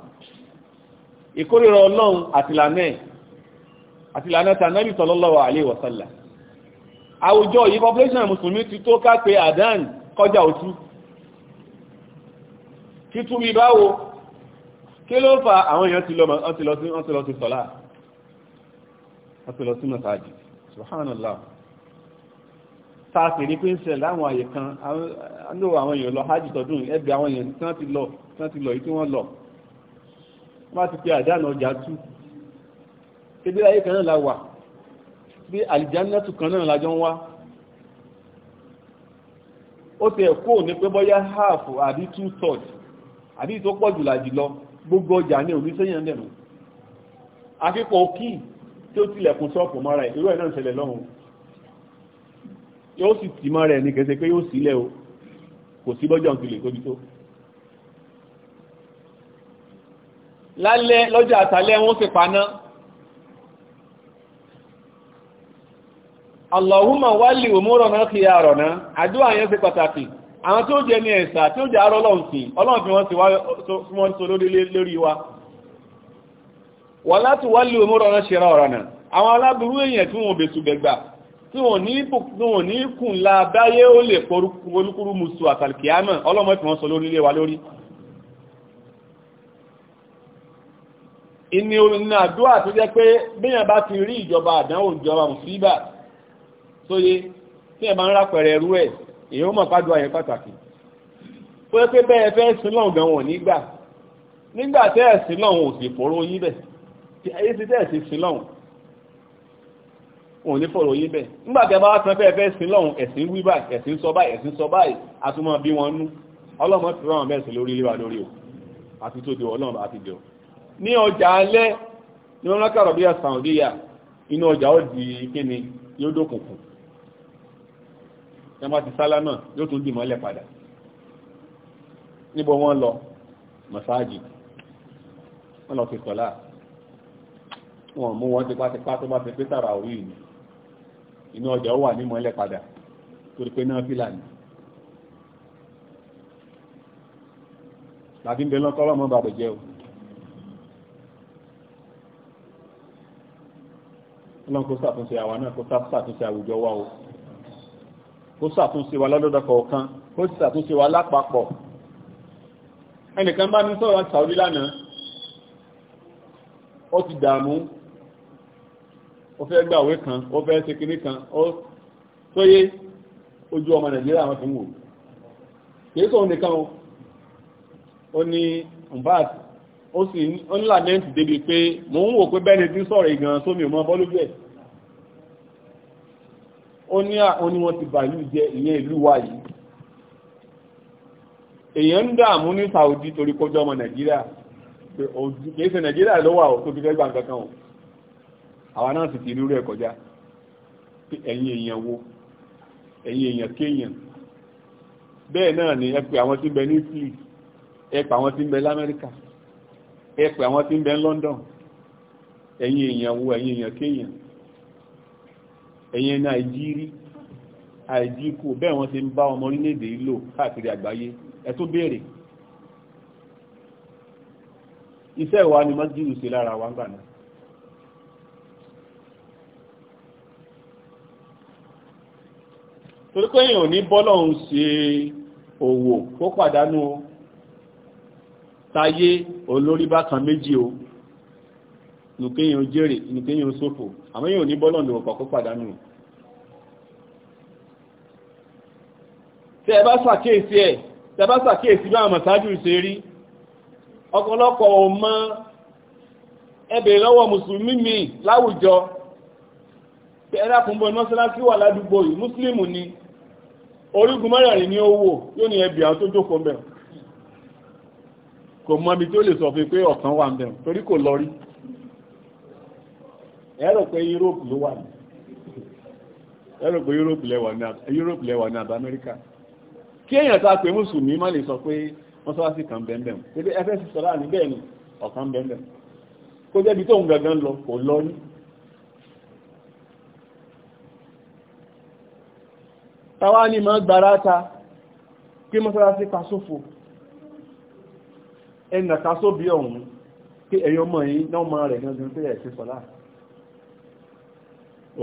ìkórìíra ọlọ́run àtìlànà àtìlànà tànàbì sallallahu alaihi wa sallam àwùjọ yìí population musulmi ti tó ká pé àdán kọjá òtú títú bí báwo kí ló fà àwọn èèyàn ti lọ sí sọ́lá ọ̀pẹ̀lọ sí mọ̀sáàjì subhanallah tààtì ní pé ń sẹ láwọn àyè kan ló àwọn èèyàn lọ hajj tọdún ẹgbẹ̀ àwọn èèyàn tán ti lọ tán ti lọ ìtí wọ́n lọ wọ́n ti pé àdánà ọjà tú ebí ayé kan náà la wà pé àlìjánátù kan náà lájọ ń wá ó ti ẹ̀kọ́ ní pé bọ́yá half àbí two third àbí tó pọ̀ jù làjì lọ gbogbo ọjà ní oníṣẹ́yàn dẹ̀nu akẹ́kọ̀ọ́ kí tí ó tilẹ̀kùn ṣọ́ọ̀pù mọ́ra ẹ̀ irú ẹ̀ náà ṣẹlẹ̀ lọ́hùn yóò sì tì mọ́ra ẹ̀ ní kẹsẹ̀ pé yóò sílẹ̀ o kò sí bọ́jọ́ òkèlè tóbi tó lálẹ́ lọ́jọ́ àtàlẹ́ wọ́n sì paná Allahumma wálì òmúrọ̀nà fi àrọ̀ náà, àdúwà yẹn ṣe pàtàkì, àwọn tí ó jẹ ní ẹ̀sà tí ó jẹ àárọ̀ lọ́n sí, ọlọ́n fi wọ́n ti wọ́n tó lórí wa. Wà láti wálì òmúrọ̀nà ṣe ra ọ̀rọ̀ náà, àwọn aláburú èèyàn tí wọ́n bèsù bẹ̀gbà, tí wọ́n ní kùn la báyé ó lè polúkúrú musu àtàlìkìámà, ọlọ́mọ fi wọ́n sọ lórí ilé wa lórí. Ìní orin àdúrà tó jẹ́ pé bíyàn bá ti rí ìjọba àdánwò ìjọba mùsíbà sóye tí ẹ máa ń rápẹ̀rẹ̀ ẹrú ẹ̀ èyí ó mọ̀ pàdùn àyẹ̀ pàtàkì tó yẹ pé bẹ́ẹ̀ fẹ́ sí lọ́hùn gan wọn nígbà nígbà tẹ́ ẹ̀ sí lọ́hùn ò sì fòrò yín bẹ̀ èyí ti tẹ́ ẹ̀ sí sí lọ́hùn òun ní fòrò yín bẹ̀ nígbà tẹ́ bá wá san fẹ́ẹ̀ fẹ́ sí lọ́hùn ẹ̀sìn wí báyìí ẹ̀sìn sọ báyìí ẹ̀sìn sọ báyìí àtúmọ̀ bí wọn nú ọlọ́mọ ti rán bẹ́ẹ̀ sí lórí léwa lórí o àti tó di ọlọ́run àti jọ ní ọjà alẹ́ ní wọn lọ́kàrọ̀ bí i àsàndíyà inú ọjà ó di kíni yóò dókùnkùn tí wọ́n bá ti sálámà yóò tún dì mọ́lẹ̀ padà níbo wọ́n lọ mọ̀sáàjì wọ́n lọ fi sọ̀lá wọ́n mú wọn tipátipá tó bá fi pé tààrà orí ìlú inú ọjà ó wà ní mọ́lẹ̀ padà torí pé náà fílàní láti ń bẹ lọ́kọ́ lọ́mọ bàbẹ̀ jẹ́ o ọlọ́run kó ṣàtúnṣe àwa náà kó o kó sàtúnṣe wa lọ́dọ̀dọ̀ kọ̀ọ̀kan kó sàtúnṣe wa lápapọ̀ ẹnìkan bá ní sọ̀rọ̀ láti Saudi lánàá ó ti dààmú ó fẹ́ gbàwé kan ó fẹ́ ṣe kinní kan ó tóyé ojú ọmọ Nàìjíríà wọn fi ń wò kìí sọ nìkan ó ní mbad ó sì ń lament débi pé mò ń wò pé bẹ́ẹ̀ ni tí sọ̀rọ̀ ìgbọ̀n sómi ò mọ́ bọ́lú bẹ́ẹ̀ oni ní àwọn ni wọ́n ti bàálù jẹ ìyẹn ìlú wa yìí èèyàn ń dààmú ní Saudi torí kó jọmọ Nàìjíríà kìí ṣe Nàìjíríà ló wà tó fi fẹ́ gbà kankan o àwa náà sì ti rírú ẹ̀ kọjá ẹ̀yin èèyàn wo ẹ̀yin èèyàn kéèyàn bẹ́ẹ̀ náà ni ẹ pè àwọn tí ń bẹ ní Italy ẹ pè àwọn tí ń bẹ l'Amẹ́ríkà ẹ pè àwọn tí ń bẹ London ẹ̀yin èèyàn wo ẹ̀yin èèyàn kéèyàn ẹ̀yẹn nàìjírí àìdíkù bẹ́ẹ̀ wọ́n ti ń bá ọmọ orílẹ̀-èdè lò káàkiri àgbáyé ẹ tó béèrè iṣẹ́ ìwà ni mọ́sídìrì ṣe lára wa ń gbà náà torí pé èèyàn ní bọ́lọ́hun ṣe òwò kó pàdánù tayé olórí bákan méjì o nùkéyàn jèrè nùkéyàn sófò àmọ́ yóò ní bọ́lọ̀ ní ọ̀pọ̀ kó pàdánù tẹ́ bá sàkíyèsí ẹ̀ tẹ́ bá sàkíyèsí bá àmọ̀ sáájú ṣe rí ọ̀pọ̀lọpọ̀ ọmọ ẹbẹ̀ lọ́wọ́ mùsùlùmí mi láwùjọ ẹ̀dàkùnbọ̀ mọ́sálásí wà ládùúgbò yìí mùsùlùmù ni orígun mẹ́rẹ̀rin ní owó yóò ní ẹbí àwọn tó jókòó ẹ yuropi Europe ló wà ní ẹ amerika Europe lẹ́wà ní àbá Amẹ́ríkà kí mùsùlùmí má lè sọ pé wọ́n sọ sí kan bẹ́ẹ̀ bẹ́ẹ̀ ẹgbẹ́ sì sọ́ra ní bẹ́ẹ̀ ni ọ̀kan bẹ́ẹ̀ kó jẹ́bi tóun gangan lọ kò lọ ní. tàwa ni máa gbára ta pé mọ́sálásí ka sófo ẹnì kan sóbi ọ̀hún pé ẹ̀yọ́ mọ̀ náà máa rẹ̀ gangan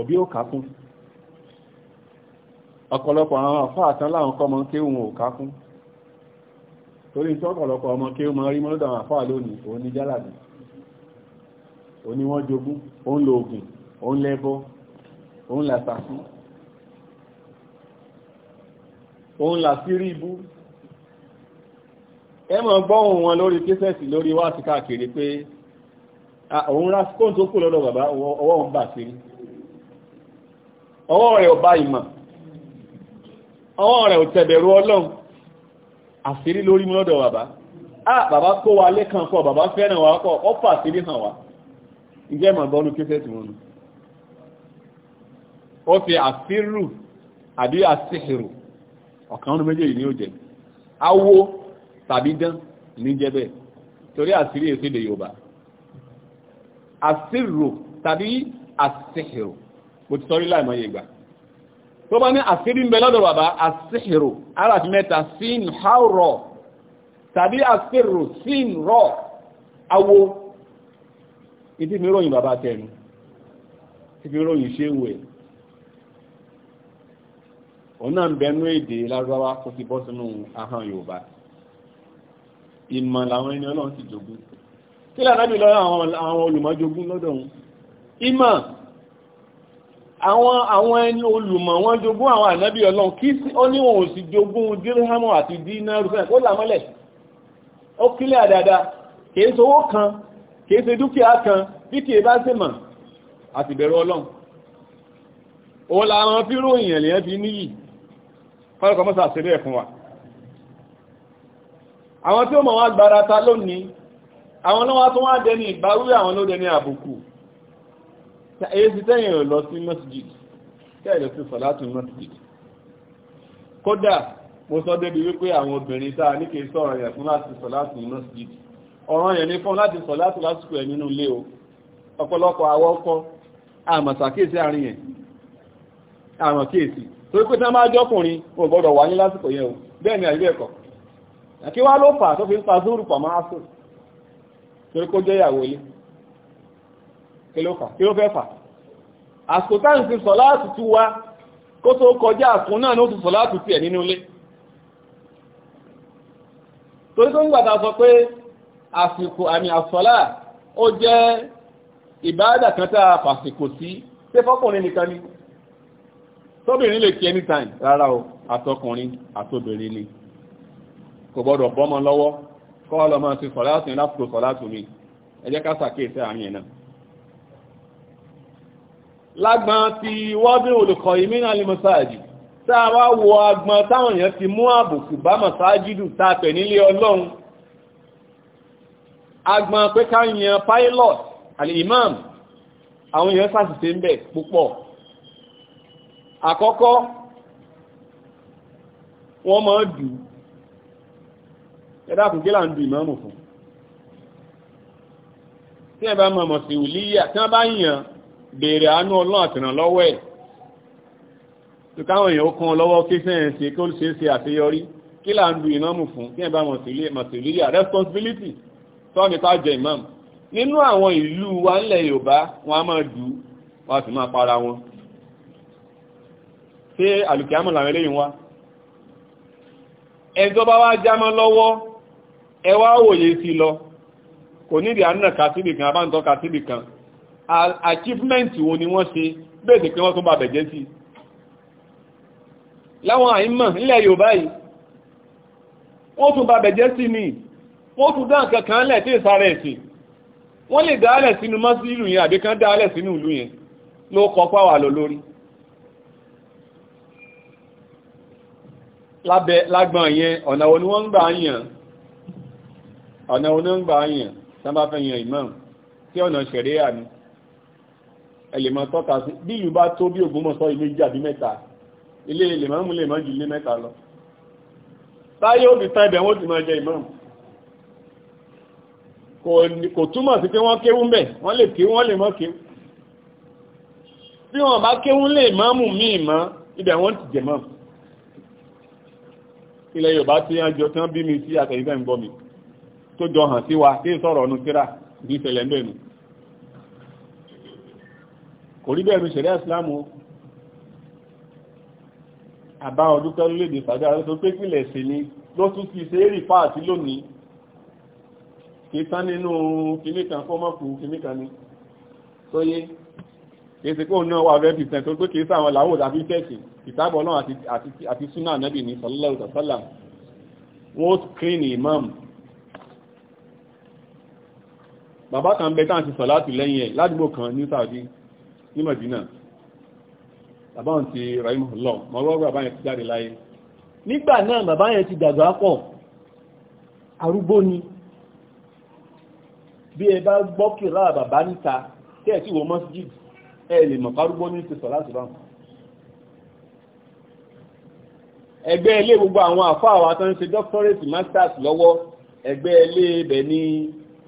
òbí ò ká kún ọ̀pọ̀lọpọ̀ àwọn àfáà tán láwọn kọ́ ọmọ kéwù wọn ò ká kún torí tí ọ̀pọ̀lọpọ̀ ọmọ kéwù mọ́ rí mọ́lọ́dọ̀ àwọn àfáà lónìí òun ni jálàbí òun ni wọ́n jogún òun lo oògùn òun lẹ́bọ òun làtàkú òun làsírí ibú ẹ mọ̀ gbọ́hùn wọn lórí késẹ̀sì lórí wáàsí káàkiri pé òun rásíkò kù lọ́dọ̀ bàbá ọwọ́ òun bà sírí ọwọ́ rẹ̀ ọba ìmọ̀ ọwọ́ rẹ̀ òtẹ̀bẹ̀rú ọlọ́run àṣírí lórí mú bàbá ah bàbá kó wa lẹ́kàn bàbá fẹ́ràn wa pọ̀ ó fà hàn wa ìjẹ́ ìmọ̀ bọ́nu kí ó fi àṣírù àbí ọ̀kan méjèèjì ní ó tàbí dán ní torí àṣírí mo ti sọrí láìmọye ìgbà tó bá ní àṣírí ń bẹ lọ́dọ̀ bàbá àṣíhìrò arábí mẹ́ta sin haúrọ̀ tàbí àṣíhìrò sin rọ̀ awo ìdí mi ròyìn bàbá tẹnu tí mi ròyìn ṣe wù ẹ̀ òun náà ń bẹnú èdè lárúbáwá kó ti bọ́ sínú ahọ́n yorùbá ìmọ̀ làwọn ẹni ọlọ́run ti jogún kí lànà bí lọ́rọ̀ àwọn olùmọ́jogún lọ́dọ̀ òun ìmọ̀ àwọn àwọn ẹni olùmọ̀ wọ́n jogún àwọn ànábì ọlọ́run kí ó ní wọn ò sì jogún díríhámù àti dínárù fẹ́ kó làmọ́lẹ̀ ó kílẹ̀ àdàdà kìí sọ owó kan kìí ṣe dúkìá kan bí kìí bá sì mọ̀ àti bẹ̀rù ọlọ́run òun làwọn fíró èèyàn lèyàn fi níyì fọ́lọ́kọ́ mọ́sà ṣeré ẹ̀ ó mọ̀ wọn èyí ti tẹ́yìn ò lọ sí masjid tẹ́yìn lọ sí sọ̀látù masjid kódà mo sọ débi wípé àwọn obìnrin tá a ní kìí sọ̀rọ̀ yẹn fún láti sọ̀látù masjid ọ̀ràn yẹn ní fún láti sọ̀látù lásìkò ẹ̀ nínú ilé o ọ̀pọ̀lọpọ̀ àwọn ọkọ àmọ̀sàkíyèsí àárín yẹn àmọ̀kíyèsí torí pé tán máa jọ́kùnrin o gbọ́dọ̀ wáyé lásìkò yẹn o bẹ́ẹ̀ ni àìrí ẹ̀kọ́ kí wá ló fà tó fi ń pa zúrù pàmọ́ àsùn torí kó jẹ́ ìyàwó ilé kí ló fà kí ló fẹ́ fà àsìkò táyì ti sọ láti tú wa kó tó kọjá àsìkò náà ní ó ti sọ láti tú ẹ̀ nínú ilé torí tó ń gbàtà sọ pé àsìkò àmì àsọlá ó jẹ́ ìbáàdà kan tá a fàsìkò sí ṣé fọ́kùnrin nìkan ni tóbìnrin lè kí anytime rárá o àtọkùnrin àtobìnrin ni kò gbọ́dọ̀ bọ́mọ lọ́wọ́ kọ́ lọ́mọ sí lásìkò sọ̀lá tù mí ẹ jẹ́ ká àárín ẹ̀ lágbọn ti wọ́bí olùkọ́ ìmínà lè mọ́sáàjì tá a wá wo agbọn táwọn èèyàn ti mú àbùkù bá mọ́sáàjì dù tá a pẹ̀ nílé ọlọ́run agbọn pé ká yan pilot àti imam àwọn èèyàn ṣàṣìṣe ń bẹ̀ púpọ̀ àkọ́kọ́ wọ́n máa dù ẹ̀dá àkùnkí là ń dù ìmáàmù fún tí ẹ bá mọ̀ sí ìwìlíyà tí wọ́n bá yàn béèrè àánú ọlọ́run àtìrànlọ́wọ́ ẹ̀ tó káwọn èèyàn kan lọ́wọ́ kí sẹ́yìn ṣe kó ṣe ṣe àṣeyọrí kí là ń du ìmáàmù fún kí ẹ̀ bá mọ̀sílíà responsibility tọ́ni ká jẹ ìmáàmù nínú àwọn ìlú wa ńlẹ̀ Yorùbá wọn a máa dù wọn a sì máa para wọn ṣé àlùkìámù làwọn eléyìí wá ẹjọ́ bá wá jámọ́ lọ́wọ́ ẹ wá wòye sí lọ kò nídìí àánú kà síbì kan abáǹtọ́ kà síbì kan achievement wo ni wọ́n ṣe bẹ́ẹ̀ sì pé wọ́n tún bá bẹ̀jẹ́ sí láwọn àìmọ̀ ilẹ̀ Yorùbá yìí wọ́n tún bá bẹ̀jẹ́ sí ni wọ́n tún dá nǹkan kan lẹ̀ tí ìsára ẹ̀sìn wọ́n lè dáálẹ̀ sínú mọ́sílù yẹn àbí kan dáálẹ̀ sínú ìlú yẹn ló kọ páwà lọ lórí lábẹ́ lágbọ́n yẹn ọ̀nà wo ni wọ́n ń gbà yàn ọ̀nà wo ni wọ́n ń gbà yàn tí wọ́n bá fẹ́ yàn ìmáàmù tí ọ̀nà ṣẹ̀ríà ni ẹlẹ́mọ̀ tọ́ka sí bí ìlú bá tó bí Ògbómọ̀ṣọ́ ilé jàbí mẹ́ta ilé ìlèmọ́mù lè mọ́jú ilé mẹ́ta lọ táyé ó ti tán ibẹ̀ wọ́n ti máa jẹ ìmáàmù kò túmọ̀ sí pé wọ́n kéwú mẹ́ wọ́n lè kéwú wọ́n lè mọ́ kéwú bí wọ́n bá kéwú lè mọ́mù míì mọ́ ibẹ̀ wọ́n ti jẹ mọ́mù ilẹ̀ Yorùbá tí wọ́n jọ tán bí mi sí àtẹ̀yìnbẹ̀ ń bọ́ mi tó jọ hàn sí wa tí ń sọ̀rọ̀ ọ̀nù síra ní ìṣẹ̀lẹ̀ ń bẹ̀rù kò rí bẹ́ẹ̀ ní ṣẹ̀rẹ́ ìsìláàmù àbá ọdún pẹ́ lórílẹ̀-èdè sàdé àwọn tó pé pìlẹ̀ sí ni ló tún ti ṣe é rí fáàtì lónìí kì í tán nínú kinní kan fọ́mọ́kù kinní kan ni tó yé kì í ṣe kóun náà wà rẹ́bì sẹ́n tó pé kì í sáwọn làwọ̀ tàbí tẹ̀sì ìtàbọ̀ náà àti súnà nẹ́bì ní sallallahu alaihi wasallam wọ́n ni imam bàbá kan bẹ táà ti sọ̀ láti lẹ́yìn ẹ̀ ládùúgbò kan ní Saudi ní Madina bàbáwọn ti rahimahullah mọ́rọ́gbà bàbá yẹn ti jáde láyé nígbà náà bàbá yẹn ti dàgbà pọ̀ arúgbó ni bí ẹ bá gbọ́ kìrá bàbá níta tí ẹ̀ tí wọ́n mọ́síjìd ẹ lè mọ̀ párúgbó ní ti sọ̀lá sí báwọn ẹgbẹ́ ilé gbogbo àwọn àfáà àwọn tó ń ṣe doctorate masters lọ́wọ́ ẹgbẹ́ ilé ibẹ̀ ní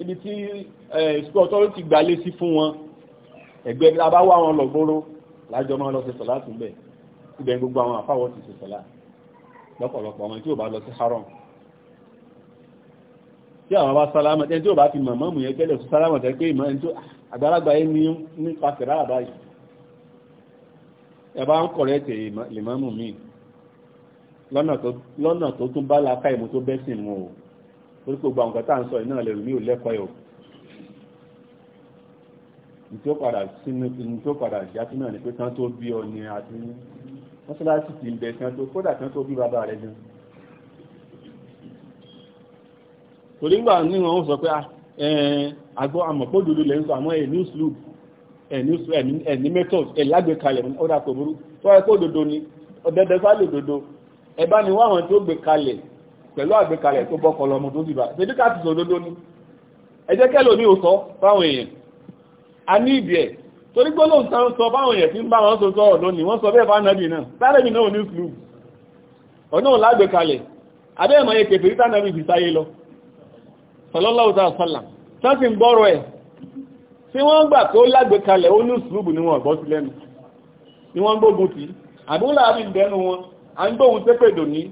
ibi tí school authority gbalé sí fún wọn ẹgbẹ́ bí a bá wá wọn lọ gbóró lájọ máa lọ sí sọ̀lá tún bẹ̀ ibẹ̀ gbogbo àwọn àfáwọ̀ ti sí sọ̀lá lọ́pọ̀lọpọ̀ àwọn tí ò bá lọ sí haram tí àwọn bá sálámà tí ó bá fi mọ̀ mọ́mù yẹn tẹ́lẹ̀ sálámà tẹ́ pé ìmọ̀ tó àgbàlagbà yẹn ní nípa kẹrà àbáyìí ẹ̀bá ń kọ̀rẹ́ tẹ̀ ìmọ̀mù mi lọ́nà tó tún bá láká ìmú tó bẹ́sìn mú o torí pé gbogbo àwọn kẹta ń sọ ìnáà lẹ́rù mí ò lẹ́kọ̀ọ́ tó padà sínú inú tó padà jásí náà ni pé kán tó bí ọ ni àti mọ́sálásí ti ń bẹ kán tó kódà kán tó bí bàbá rẹ̀ gan torí gbà ní wọn ó sọ pé ah, àgbọ́ àmọ̀pọ̀dúdú lẹ́yìn sọ àmọ́ ẹ̀ ní sloop ẹ̀ ní method ẹ̀ lágbèkalẹ̀ ọ̀dà kò burú tó ẹ dodo ni ọ̀dẹ̀dẹ̀ sá lè dodo ẹ bá ní wáwọn tó gbé kalẹ̀ pẹ̀lú àgbékalẹ̀ tó bọ́kọ̀ lọ́mọ tó sì bá ṣe bí ká ti sọ dodo ni ẹ jẹ́ kẹ́lò ní òsọ fáwọn èèyàn a ní ìdí ẹ̀ torí gbólóhùn tá ń sọ báwọn èèyàn tí ń bá wọn sọ sọ ọ̀dọ́ ni wọ́n sọ bẹ́ẹ̀ fánàbì náà sárẹ́bì náà ní sùúrù ọ̀nà lágbè kalẹ̀ abẹ́ẹ̀mọ̀ yẹ kẹfẹ́ tánàbì fi sáyé lọ sallallahu ta'ala sallam sáti ń gbọ́rọ̀ ẹ̀ tí wọ́n gbà tó lágbè kalẹ̀ ó ní sùúrù ni wọ́n gbọ́ sí lẹ́nu ni wọ́n gbógun ti àbúlà àbí ìdẹnu wọn à ń gbóhun sẹ́pẹ̀ dòní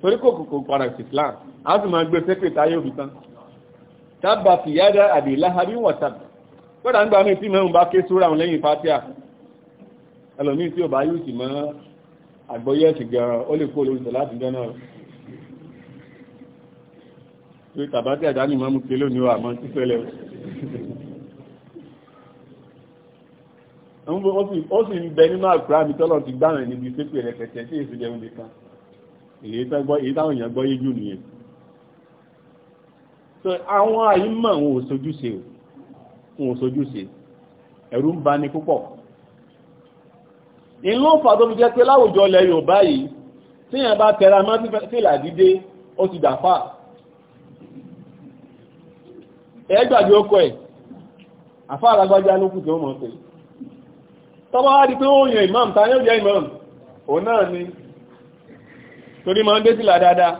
torí kò kò padà sí Islam a kódà nígbà míì tí mẹ́rin bá ké sóra àwọn lẹ́yìn fatia ẹlòmíì tí ọ bá yóò sì mọ́ àgbọ́yé ẹ̀sìn gan ó lè kó láti jọ náà tàbátí àdánì mọ́ mú ké lónìí wà mọ́ fẹ́lẹ̀ ó sì ń bẹ nínú mi tọ́lọ̀ ti àwọn òun ò fún òṣojúṣe ẹ̀rù ń bani púpọ̀ inú fà tó fi jẹ́ pé láwùjọ ilẹ̀ Yorùbá yìí tí èèyàn bá tẹra mọ́ fìlà dídé ó ti dàfà ẹgbàgbé ọkọ̀ ẹ̀ àfà alágbájá ló kù tí ó mọ̀ pé tọ́bá wá di pé ó yàn imam ta ní ó jẹ́ imam òun náà ni torí ma ń dé sílà dáadáa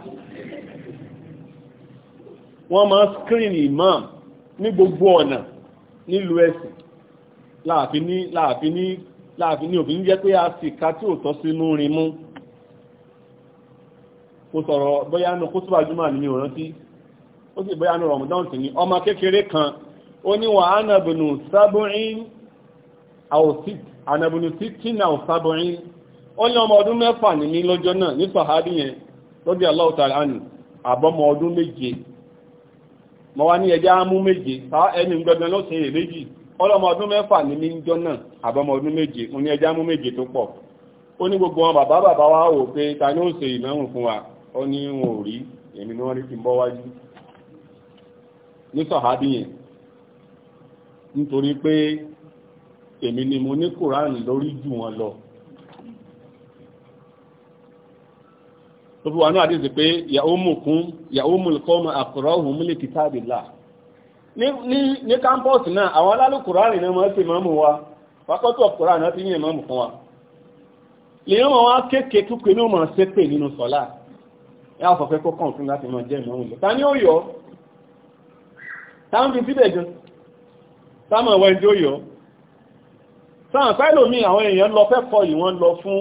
wọ́n ma ń screen imam ní gbogbo ọ̀nà nílùú ẹ̀sìn láàfin ní láàfin ní láàfin ní òfin jẹ́ pé a sì ká tí ò tọ́ rin mú kò sọ̀rọ̀ bóyá nù kó túbà júmọ̀ ní ó ni ọmọ kékeré kan ó ní wà ánàbùnù sábùrín ànàbùnù sítín àwọn ó ní ọmọ ọdún mẹ́fà ní lọ́jọ́ náà ní yẹn lọ́dí mọ́ wá ní ẹjá mú méje ẹni gbẹ̀gbẹ̀ lọ́sìn èrè méjì ọlọ́mọ ọdún mẹ́fà ní ní jọ náà àbọ́mọ ọdún méje ó ní ẹjá mú méje tó pọ̀ ó ní gbogbo wọn bàbá bàbá wa wò pé ta ni ó ṣe fún wa ó ní wọn ò rí èmi ni wọ́n rí ti bọ́ wájú ní sọ̀hábí yẹn nítorí pé èmi ni mo ní kùránì lórí jù wọn lọ tó fi wà ní àdéhùn pé yàómùkún yàómùlùkọ́mù àkùrọ̀hùn mílì kìtàbìlà ní kámpọ́ọ̀sì náà àwọn alálùkùránì náà máa ń pè mọ́mù wa wákọ́tù ọ̀kùránì náà ti yìn mọ́mù fún wa lèyàn máa wá kéèké túpé ní ọmọ sépè nínú sọ́lá ẹ àfọ̀fẹ́ kó kàn fún láti máa jẹ́ ìmọ̀ òun lọ ta ní ó yọ táwọn fi síbẹ̀ gan táwọn ẹ̀wọ̀n tí ó yọ sáà fẹ́lòmí àwọn èèyàn lọ fẹ́ kọ ìwọ́n lọ fún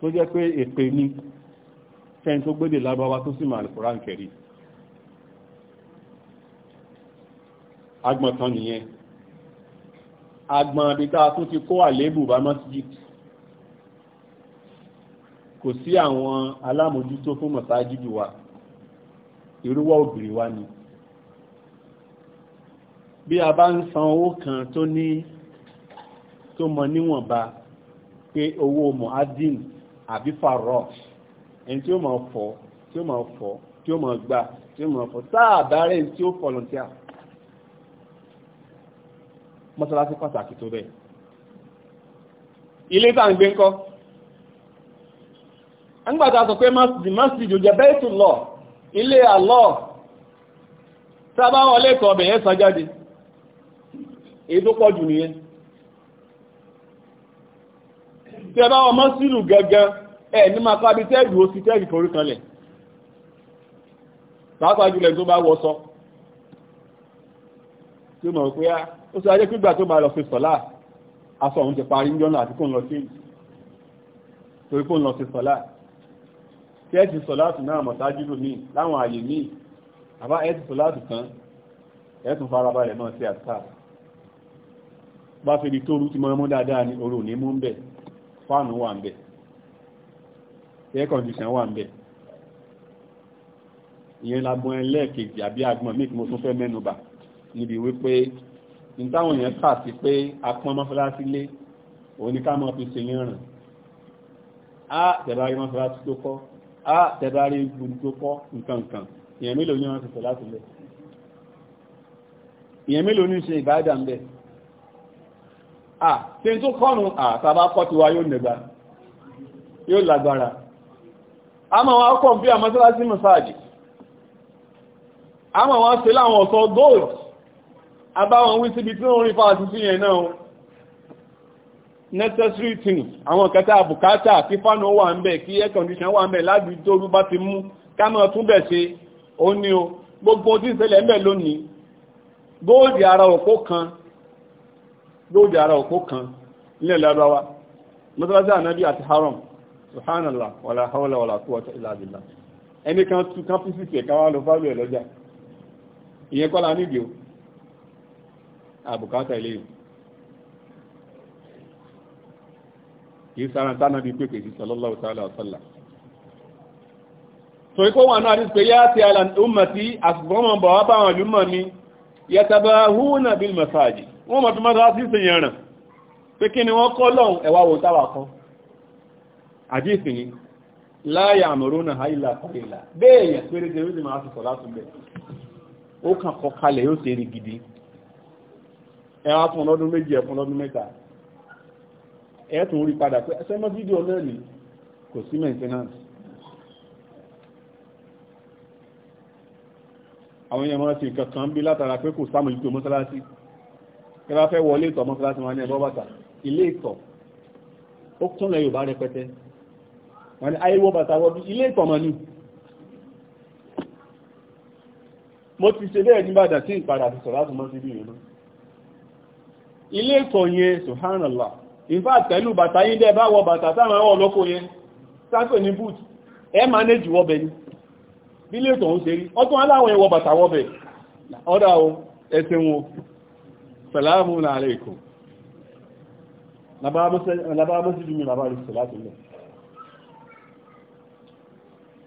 tó jẹ́ pé èpè ní fẹ́ni tó gbédè lábáwá tó sì máa Al-Qur'an kẹrì agbọ̀n nìyẹn agbọ̀n àbíká tó ti kó àlébù bá masjid kò sí àwọn alámòjútó fún mọ̀sájídù wa ìrúwọ́ òbìrì wa ni bí a bá ń san owó kan tó ní tó mọ níwọ̀nba pé owó mọ̀ àbí farot ẹni tí ó máa fọ tí ó máa fọ tí ó máa gbà tí ó máa fọ sáàbà rẹ̀ tí ó volunteer mọ́sálásí pàtàkì tó bẹ́ẹ̀ ilé tá ń gbé ńkọ́ nígbàtà sọ pé masjid masjid jẹ́ bẹ́ẹ̀tù lọ ilé àlọ́ sábà wọlé kọ̀ọ̀bẹ̀ yẹn sọ jáde èyí tó pọ̀ jù nìyẹn tẹ́ bá wọn mọ́sílù gangan ẹ̀ ní máa pàbí tẹ́ẹ̀dù ó sí tẹ́ẹ̀dù forí kanlẹ̀ pàápàá jùlẹ̀ tó bá wọ sọ tí ó mọ̀ pé á ó sọ ajé pígbà tó máa lọ sí sọ̀lá aṣọ òun ti parí jọ́nà àti kó ń lọ sí torí kó ń lọ sí sọ̀lá tẹ́ẹ̀tì sọ̀lá tù náà mọ̀tájú lómi láwọn àyè míì àbá ẹ̀tì sọ̀lá tù kan ẹ̀tùn farabalẹ̀ náà sí àtàrà bá fi di tóru ti mọ́ ọmọ dáadáa ní orò ní mú ń bẹ̀ẹ́ fáànù wà ń bẹ̀ air condition wà ń bẹ̀ ìyẹn lagbọn ẹlẹ́ẹ̀kejì àbí agbọn mí mo tún fẹ́ mẹ́nubà níbi wípé ní táwọn èèyàn kà sí pé apọ́n mọ́fẹ́lásí lé òun ní ká mọ́ fi ṣe yẹn rìn á tẹ̀bárí mọ́fẹ́lásí tó kọ́ á tẹ̀bárí gbùn tó kọ́ nǹkankan ìyẹn mélòó ní wọ́n ti fẹ́ láti lẹ̀ ìyẹn mélòó ní ṣe ìbáàdà ń Ah, tí tó kọ́nù àtàbá kọ́ ti wá yóò nẹ̀gbà yóò lágbára a ma wá kọ́ bí a mọ́sálásí mọ́sáàjì a ma wá sí láwọn ọ̀sọ́ gold abáwọn wí síbi tí wọ́n rí fàájú sí yẹn náà necessary things àwọn kẹta àbùkátà kí fánà wà ń bẹ̀ kí air condition wà ń bẹ̀ láti tó rú bá ti mú kámọ́ túnbẹ̀ ṣe ó ní o gbogbo tí ìṣẹ̀lẹ̀ ń bẹ̀ lónìí góòdì ara òpó kan lóòdì ara òpó kan nílẹ̀ lábáwá mọ́sálásí ànábì àti haram subhanallah wàlá hawla wàlá quwwata illa billah ẹni kan tún kan fi sísè ká wá lọ fálù ẹ̀ lọ́jà ìyẹn kọ́ la nídìí o àbùkátà ilé yìí kì í sára tánà bíi pèpè sí sallallahu ta'ala wa sallam ikọ́ wọn náà dípé yá ti àlà ummati àsùgbọ́n mọ̀ bọ̀ wá báwọn ìlú mọ̀ ni yatabahuna bil masajid wọ́n mọ̀ fi mọ́sálásí ìsìnyàn ràn pé kí ni wọ́n kọ́ lọ́hùn ẹ̀wà wò táwà kan àdíìsì ni láyà àmọ̀rónà àìlà kọ̀lẹ̀lá bẹ́ẹ̀yàn péréje ó sì máa sọ̀sọ̀ látún bẹ̀ ó kàn kọ kalẹ̀ yóò ṣe rí gidi ẹwà fún ọlọ́dún méjì ẹ̀fún ọlọ́dún mẹ́ta ẹ̀ẹ́tùn rí padà pé ẹsẹ́ mọ́ fídíò náà ni kò sí maintenance àwọn èèyàn mọ́ sí nǹkan bí látara pé kò sáàmù ìtò mọ́sálásí e bá wọlé ìtọ̀ mọ́sálásí wọn ní ẹbọ́ bàtà ilé ìtọ̀ ó kúnlẹ̀ Yorùbá rẹpẹtẹ wọn ni ayéwọ́ bàtà wọ́n bí ilé ìtọ̀ ni mo ti ṣe bẹ́ẹ̀ ní bàdà tí ìpadà ti sọ̀rọ̀ láti mọ́ sí bí ìrìnà ilé ìtọ̀ yẹn in fact pẹ̀lú bàtà yín dẹ́ bá wọ bàtà táwọn yẹn sáfẹ́ ní ẹ ni bí ilé ìtọ̀ ń ṣe rí aláwọ̀ bàtà salamun alaikum na ba mọ́sílì mi bàbá rẹ̀ sọ̀látì lọ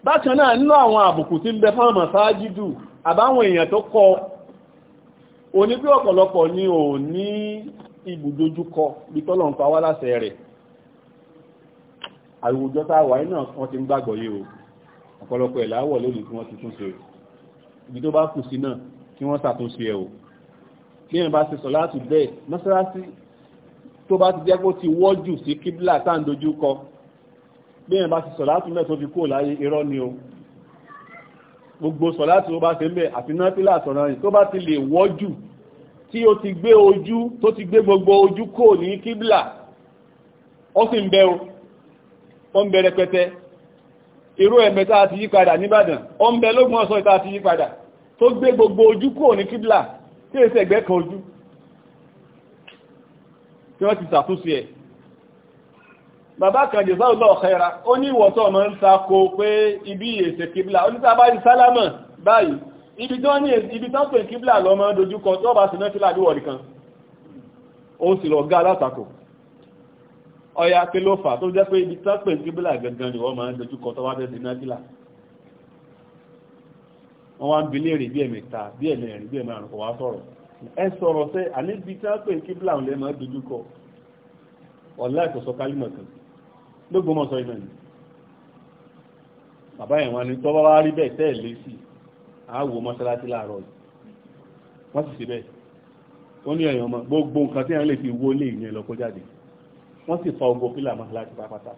bákan náà nínú àwọn àbùkù tí ń bẹ fáwọn masájídù àbáwọn èèyàn tó kọ òní bí ọ̀pọ̀lọpọ̀ ni ò ní ibùdójúkọ bí tọ́lọ̀ ń pa wá láṣẹ rẹ̀ àwùjọ tá a wà ní náà wọ́n ti ń gbàgbọ́ yìí o ọ̀pọ̀lọpọ̀ ẹ̀ lónìí tí wọ́n ti túnṣe ibi tó bá kù sí náà kí wọ́n ṣàtúnṣe ẹ̀ o bí ẹ̀ bá ṣe sọ láti bẹ́ẹ̀ mọ́sálásí tó bá ti jẹ́ pé ó ti wọ́jù sí kíbílà tá à ń dojú kọ bí ẹ̀ bá ṣe sọ láti mẹ́ẹ̀ tó fi kúrò láyé irọ́ ni o gbogbo sọ láti ó bá ṣe ń bẹ̀ àti náfílà sọ̀rọ̀ yìí tó bá ti lè wọ́jù tí ó ti gbé ojú tó ti gbé gbogbo ojú kò ní kíbílà ó sì ń bẹ o ó ń bẹ rẹpẹtẹ irú ẹ̀mẹ́ tá a ti yí padà níbàdàn ó ń bẹ lógún ọ̀sán tá a ti yí padà tó gbé gbogbo ojú kò ní kíbílà tí èsì ẹ̀gbẹ́ kan ojú tí wọ́n ti sàtúnṣe ẹ̀ bàbá kan jẹ́ sáwọ́ lọ́ọ̀ kẹra ó ní ìwọ̀tọ̀ ọmọ ń sako pé ibi èsè kíbla ó ní sábà ní sálámà báyìí ibi tán ní ibi tán pè kíbla lọ́mọ dojúkọ tó bá sì náà kílà níwọ̀n nìkan ó sì lọ gá látakò ọya pé ló fà tó jẹ́ pé ibi tán pè kíbla gangan ni wọ́n máa ń dojúkọ tó wá fẹ́ sí náà wọ́n wá ń bi léèrè bí ẹ̀mẹ̀ta bí ẹ̀mẹ̀rin bí ẹ̀mẹ̀rin kò wá sọ̀rọ̀ ẹ sọ̀rọ̀ sẹ́ àníbi tí wọ́n pè kíbla òun lẹ́mọ̀ dojú kọ ọ̀la ìkọ̀sọ kálímọ̀ kan lógbó mọ̀ sọ iná ni bàbá yẹn wọn ni tọ́ bá wá rí bẹ́ẹ̀ tẹ́ ẹ̀ lé sí àáwò mọ́sálásí láàárọ̀ yìí wọ́n sì ṣe bẹ́ẹ̀ wọ́n ní ẹ̀yàn ọmọ gbogbo nǹkan tí wọ́n lè fi wó lé ìyẹn lọ kó jáde wọ́n sì fa ogbó pílà mọ́sálásí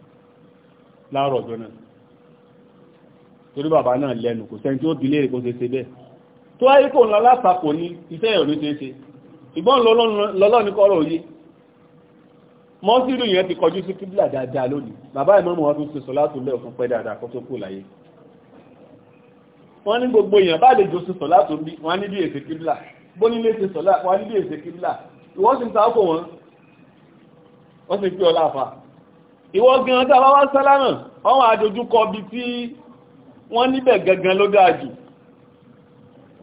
torí bàbá náà lẹ́nu kò sẹ́ni tí ó bi léèrè kó ṣe ṣe bẹ́ẹ̀ tó wáyé kò ń lọ lápapọ̀ ní iṣẹ́ ẹ̀rọ ní ṣe ṣe ìbọn lọ́lọ́ni kọ́rọ̀ òye mọ́sílù yẹn ti kọjú sí kíbílà dáadáa lónìí bàbá ìmọ́mù wọn tún ti sọ látò lẹ́ òkun pẹ́ dáadáa kó tó kú láyé wọ́n ní gbogbo èèyàn bá lè jọ sọ látò bí wọ́n ní bí èsè kíbílà bónílé ti sọ látò wọ́n ní bí èsè kíbílà ìwọ́n sì ń sáàkò wọn wọ́n sì pé ọlá àfà ìwọ́ gan tá a bá wá sálámà wọ́n wà dojú kọ bí tí wọ́n níbẹ̀ gangan ló dájú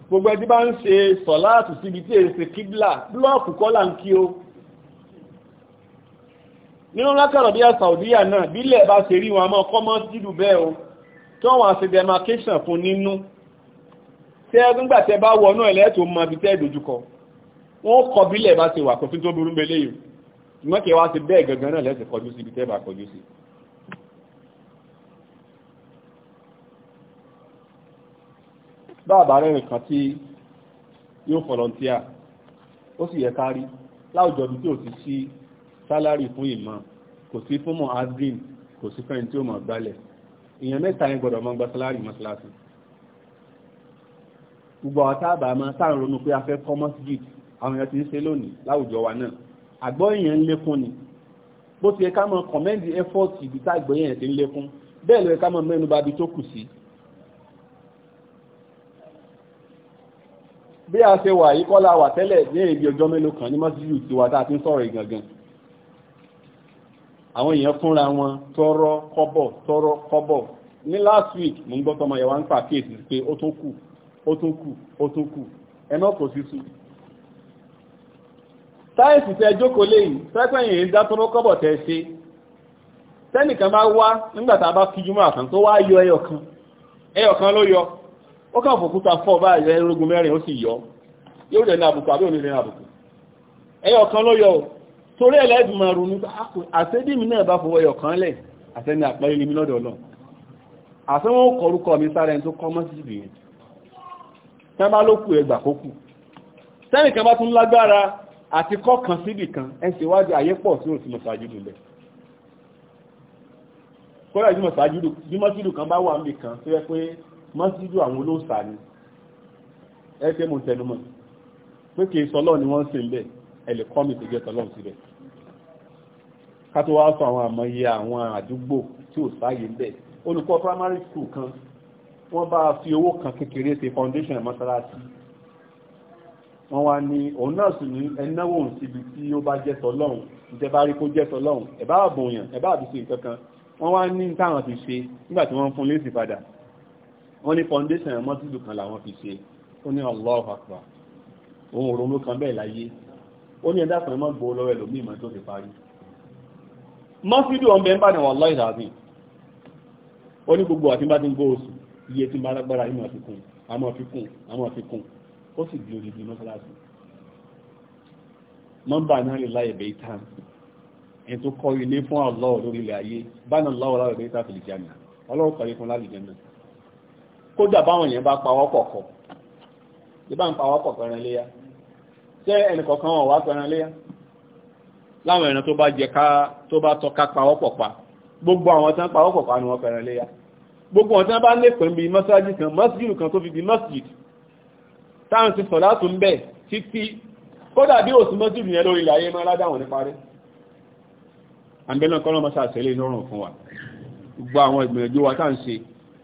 gbogbo ẹni bá ń ṣe sọ̀láàtù síbi tí èyí ṣe kíblà blọ́ọ̀kù kọ́là ń kí o nínú lákàrọ̀ bí i Saudiya náà bílẹ̀ bá ṣe rí wọn mọ́ kọ́mọ́ dídù bẹ́ẹ̀ o tí wọ́n wọ́n ṣe demarcation fún nínú tí ẹgbẹ́ gbà tẹ bá wọnú ẹ̀lẹ́tò mọ́ bí tẹ́ ìdójúkọ wọ́n kọ bílẹ̀ bá ṣe wà kò sí tó burú mbẹ́lẹ́yìn ìmọ́kẹ́ wá ṣe bẹ́ẹ̀ gangan náà lẹ́sẹ̀ kọjú sí tẹ́ bá kọjú sí báàbá rẹ̀ nìkan tí yóò volunteer ó sì yẹ kárí láwùjọ bí tí ò ti sí sálárì fún ìmọ̀ kò sí fún mọ̀ admin kò sí fẹ́ni tí ó mọ̀ gbálẹ̀ èèyàn mẹ́ta yẹn gbọ́dọ̀ máa gba sálárì mọ́sálásí gbogbo àwọn táàbà máa sáà ronú pé a fẹ́ kọ́ mọ́síjìtì àwọn èèyàn ti ń ṣe lónìí láwùjọ wa náà àgbọ́ èèyàn ń lékún ni bó ti yẹ ká mọ kọ̀mẹ́ndì ẹ́fọ́ọ̀tì ibi tá àgbọ́ èèyàn ti ń lékún bẹ́ẹ̀ ló yẹ ká mọ mẹ́nu bà bí tó kù sí bí a ṣe wà yí kọ́lá wà tẹ́lẹ̀ ní èyí ọjọ́ mélòó kan ní mọ́sílù ti wà táà ti ń sọ̀rọ̀ ìgangan àwọn èèyàn fúnra wọn tọrọ kọ́bọ̀ tọrọ kọ́bọ̀ ní last week mo ń gbọ́ tọmọ yẹ̀wà ń pàkíyèsí pé ó tó kù ó tó kù ó tó kù ẹnà kò sí sùn sáyẹ̀nsì tẹ jókòó léyìn sẹ́pẹ̀yìn ń dá kọ́bọ̀ tẹ́ ṣe tẹ́nìkan bá wá nígbà tá a bá fi àkàn tó wá yọ ló yọ ó kà fòkúta fọ́ báyìí ẹrógún mẹ́rin ó sì yọ yóò dẹ̀ ní àbùkù àbí òní ní àbùkù ẹyọ kan ló yọ torí ẹlẹ́dùn máa ronú ah, àṣẹ́dìmí náà bá fọwọ́ ẹyọ kan lẹ̀ àṣẹ́ni àpẹẹrẹ ní mi lọ́dọ̀ náà àṣẹ wọn kọrúkọ mi sára ẹni tó kọ́ mọ́sídìí yẹn tẹ́ bá ló kù ẹgbà kó kù tẹ́nìkan bá tún lágbára àti kọ́kàn síbì kan ẹsẹ̀ wájú ayé pọ̀ sí òsì mọ̀sájúdù lẹ̀ kọ́lá ìjúmọ̀sájúdù kan pé mọ́sídù àwọn olóòsà ni ẹgbẹ́ mo tẹnumọ́ pé kìí sọlọ́ ni wọ́n ń sìn bẹ́ẹ̀ ẹ̀lẹ̀ kọ́mì tó jẹ́ tọlọ́run síbẹ̀ ká tó wá sọ àwọn àmọye àwọn àdúgbò tí ò sáàyè ń bẹ̀ olùkọ́ primary school kan wọ́n bá fi owó kan kékeré ṣe foundation mọ́sálásí wọ́n wá ní òun náà sì ní ẹnáwó síbi tí ó bá jẹ́ tọlọ́run ìjẹ́ bá rí kó jẹ́ tọlọ́run ẹ̀bá àbòyàn ẹ̀bá àbíṣe nǹkan kan wọ́n wá ní táwọn ti ṣe nígbà tí wọ́n fún lésì padà wọ́n ní foundation ẹ̀mọ́ tìlú kan làwọn fi ṣe ó ní Allahu Akbar òun òrùn ló kan bẹ́ẹ̀ láyé ó ní ẹ̀dá kan ẹ̀mọ́ gbowó lọ́wọ́ ẹlòmíì mọ́ tó fi parí mọ́sídù ọmọ ẹ̀ ń bàdàn wà lọ́yìn àbí ó ní gbogbo àti bá ti ń gbó oṣù iye tí ń bá lágbára yìí máa fi kún àmọ́ fi kún àmọ́ fi kún ó sì di odidi mọ́sálásí nọ́mbà náà lè láyé bẹ́ẹ̀ tán ẹni tó kọ́ ilé fún Allah lórí ilẹ̀ ayé bá náà lọ́wọ́ láwẹ̀ bẹ́ẹ̀ tán kódà báwọn èèyàn bá pawọ́ kọ̀kọ̀ bí bá ń pawọ́ kọ̀kọ̀ ẹran léyà ṣé ẹnìkọ̀kan wọn wá pẹran léyà láwọn ẹran tó bá jẹ ká tó bá tọ́ ká pawọ́ pọ̀ pa gbogbo àwọn tán pawọ́ pọ̀ pa ni wọ́n pẹran léyà gbogbo àwọn tán bá lè pẹ̀ bí mọ́sáájì kan mọ́síjìlù kan tó fi di mọ́síjìd táwọn ti sọ̀dá tó ń bẹ̀ títí kódà bí òsì mọ́síjìlù yẹn lórí ilẹ̀ ayé mọ́ ládàwọn ní parí àbẹ́lẹ̀ kọ́lọ́mọ́sá àṣẹlẹ̀ lọ́rùn fún wa gbogbo àwọn ìgbìyànjú wa tá ń se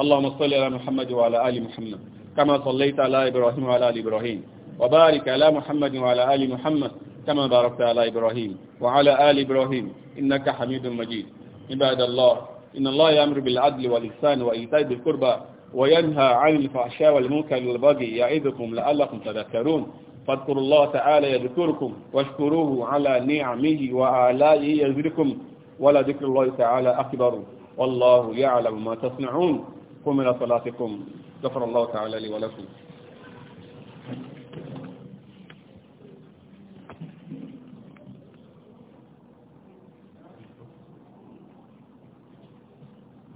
اللهم صل على محمد وعلى آل محمد كما صليت على إبراهيم وعلى آل إبراهيم وبارك على محمد وعلى آل محمد كما باركت على إبراهيم وعلى آل إبراهيم إنك حميد مجيد عباد الله إن الله يأمر بالعدل والإحسان وإيتاء ذي القربى وينهى عن الفحشاء والمنكر والبغي يعظكم لعلكم تذكرون فاذكروا الله تعالى يذكركم واشكروه على نعمه وآلائه يزدكم ولذكر الله تعالى أكبر والله يعلم ما تصنعون قم إلى صلاتكم غفر الله تعالى لي ولكم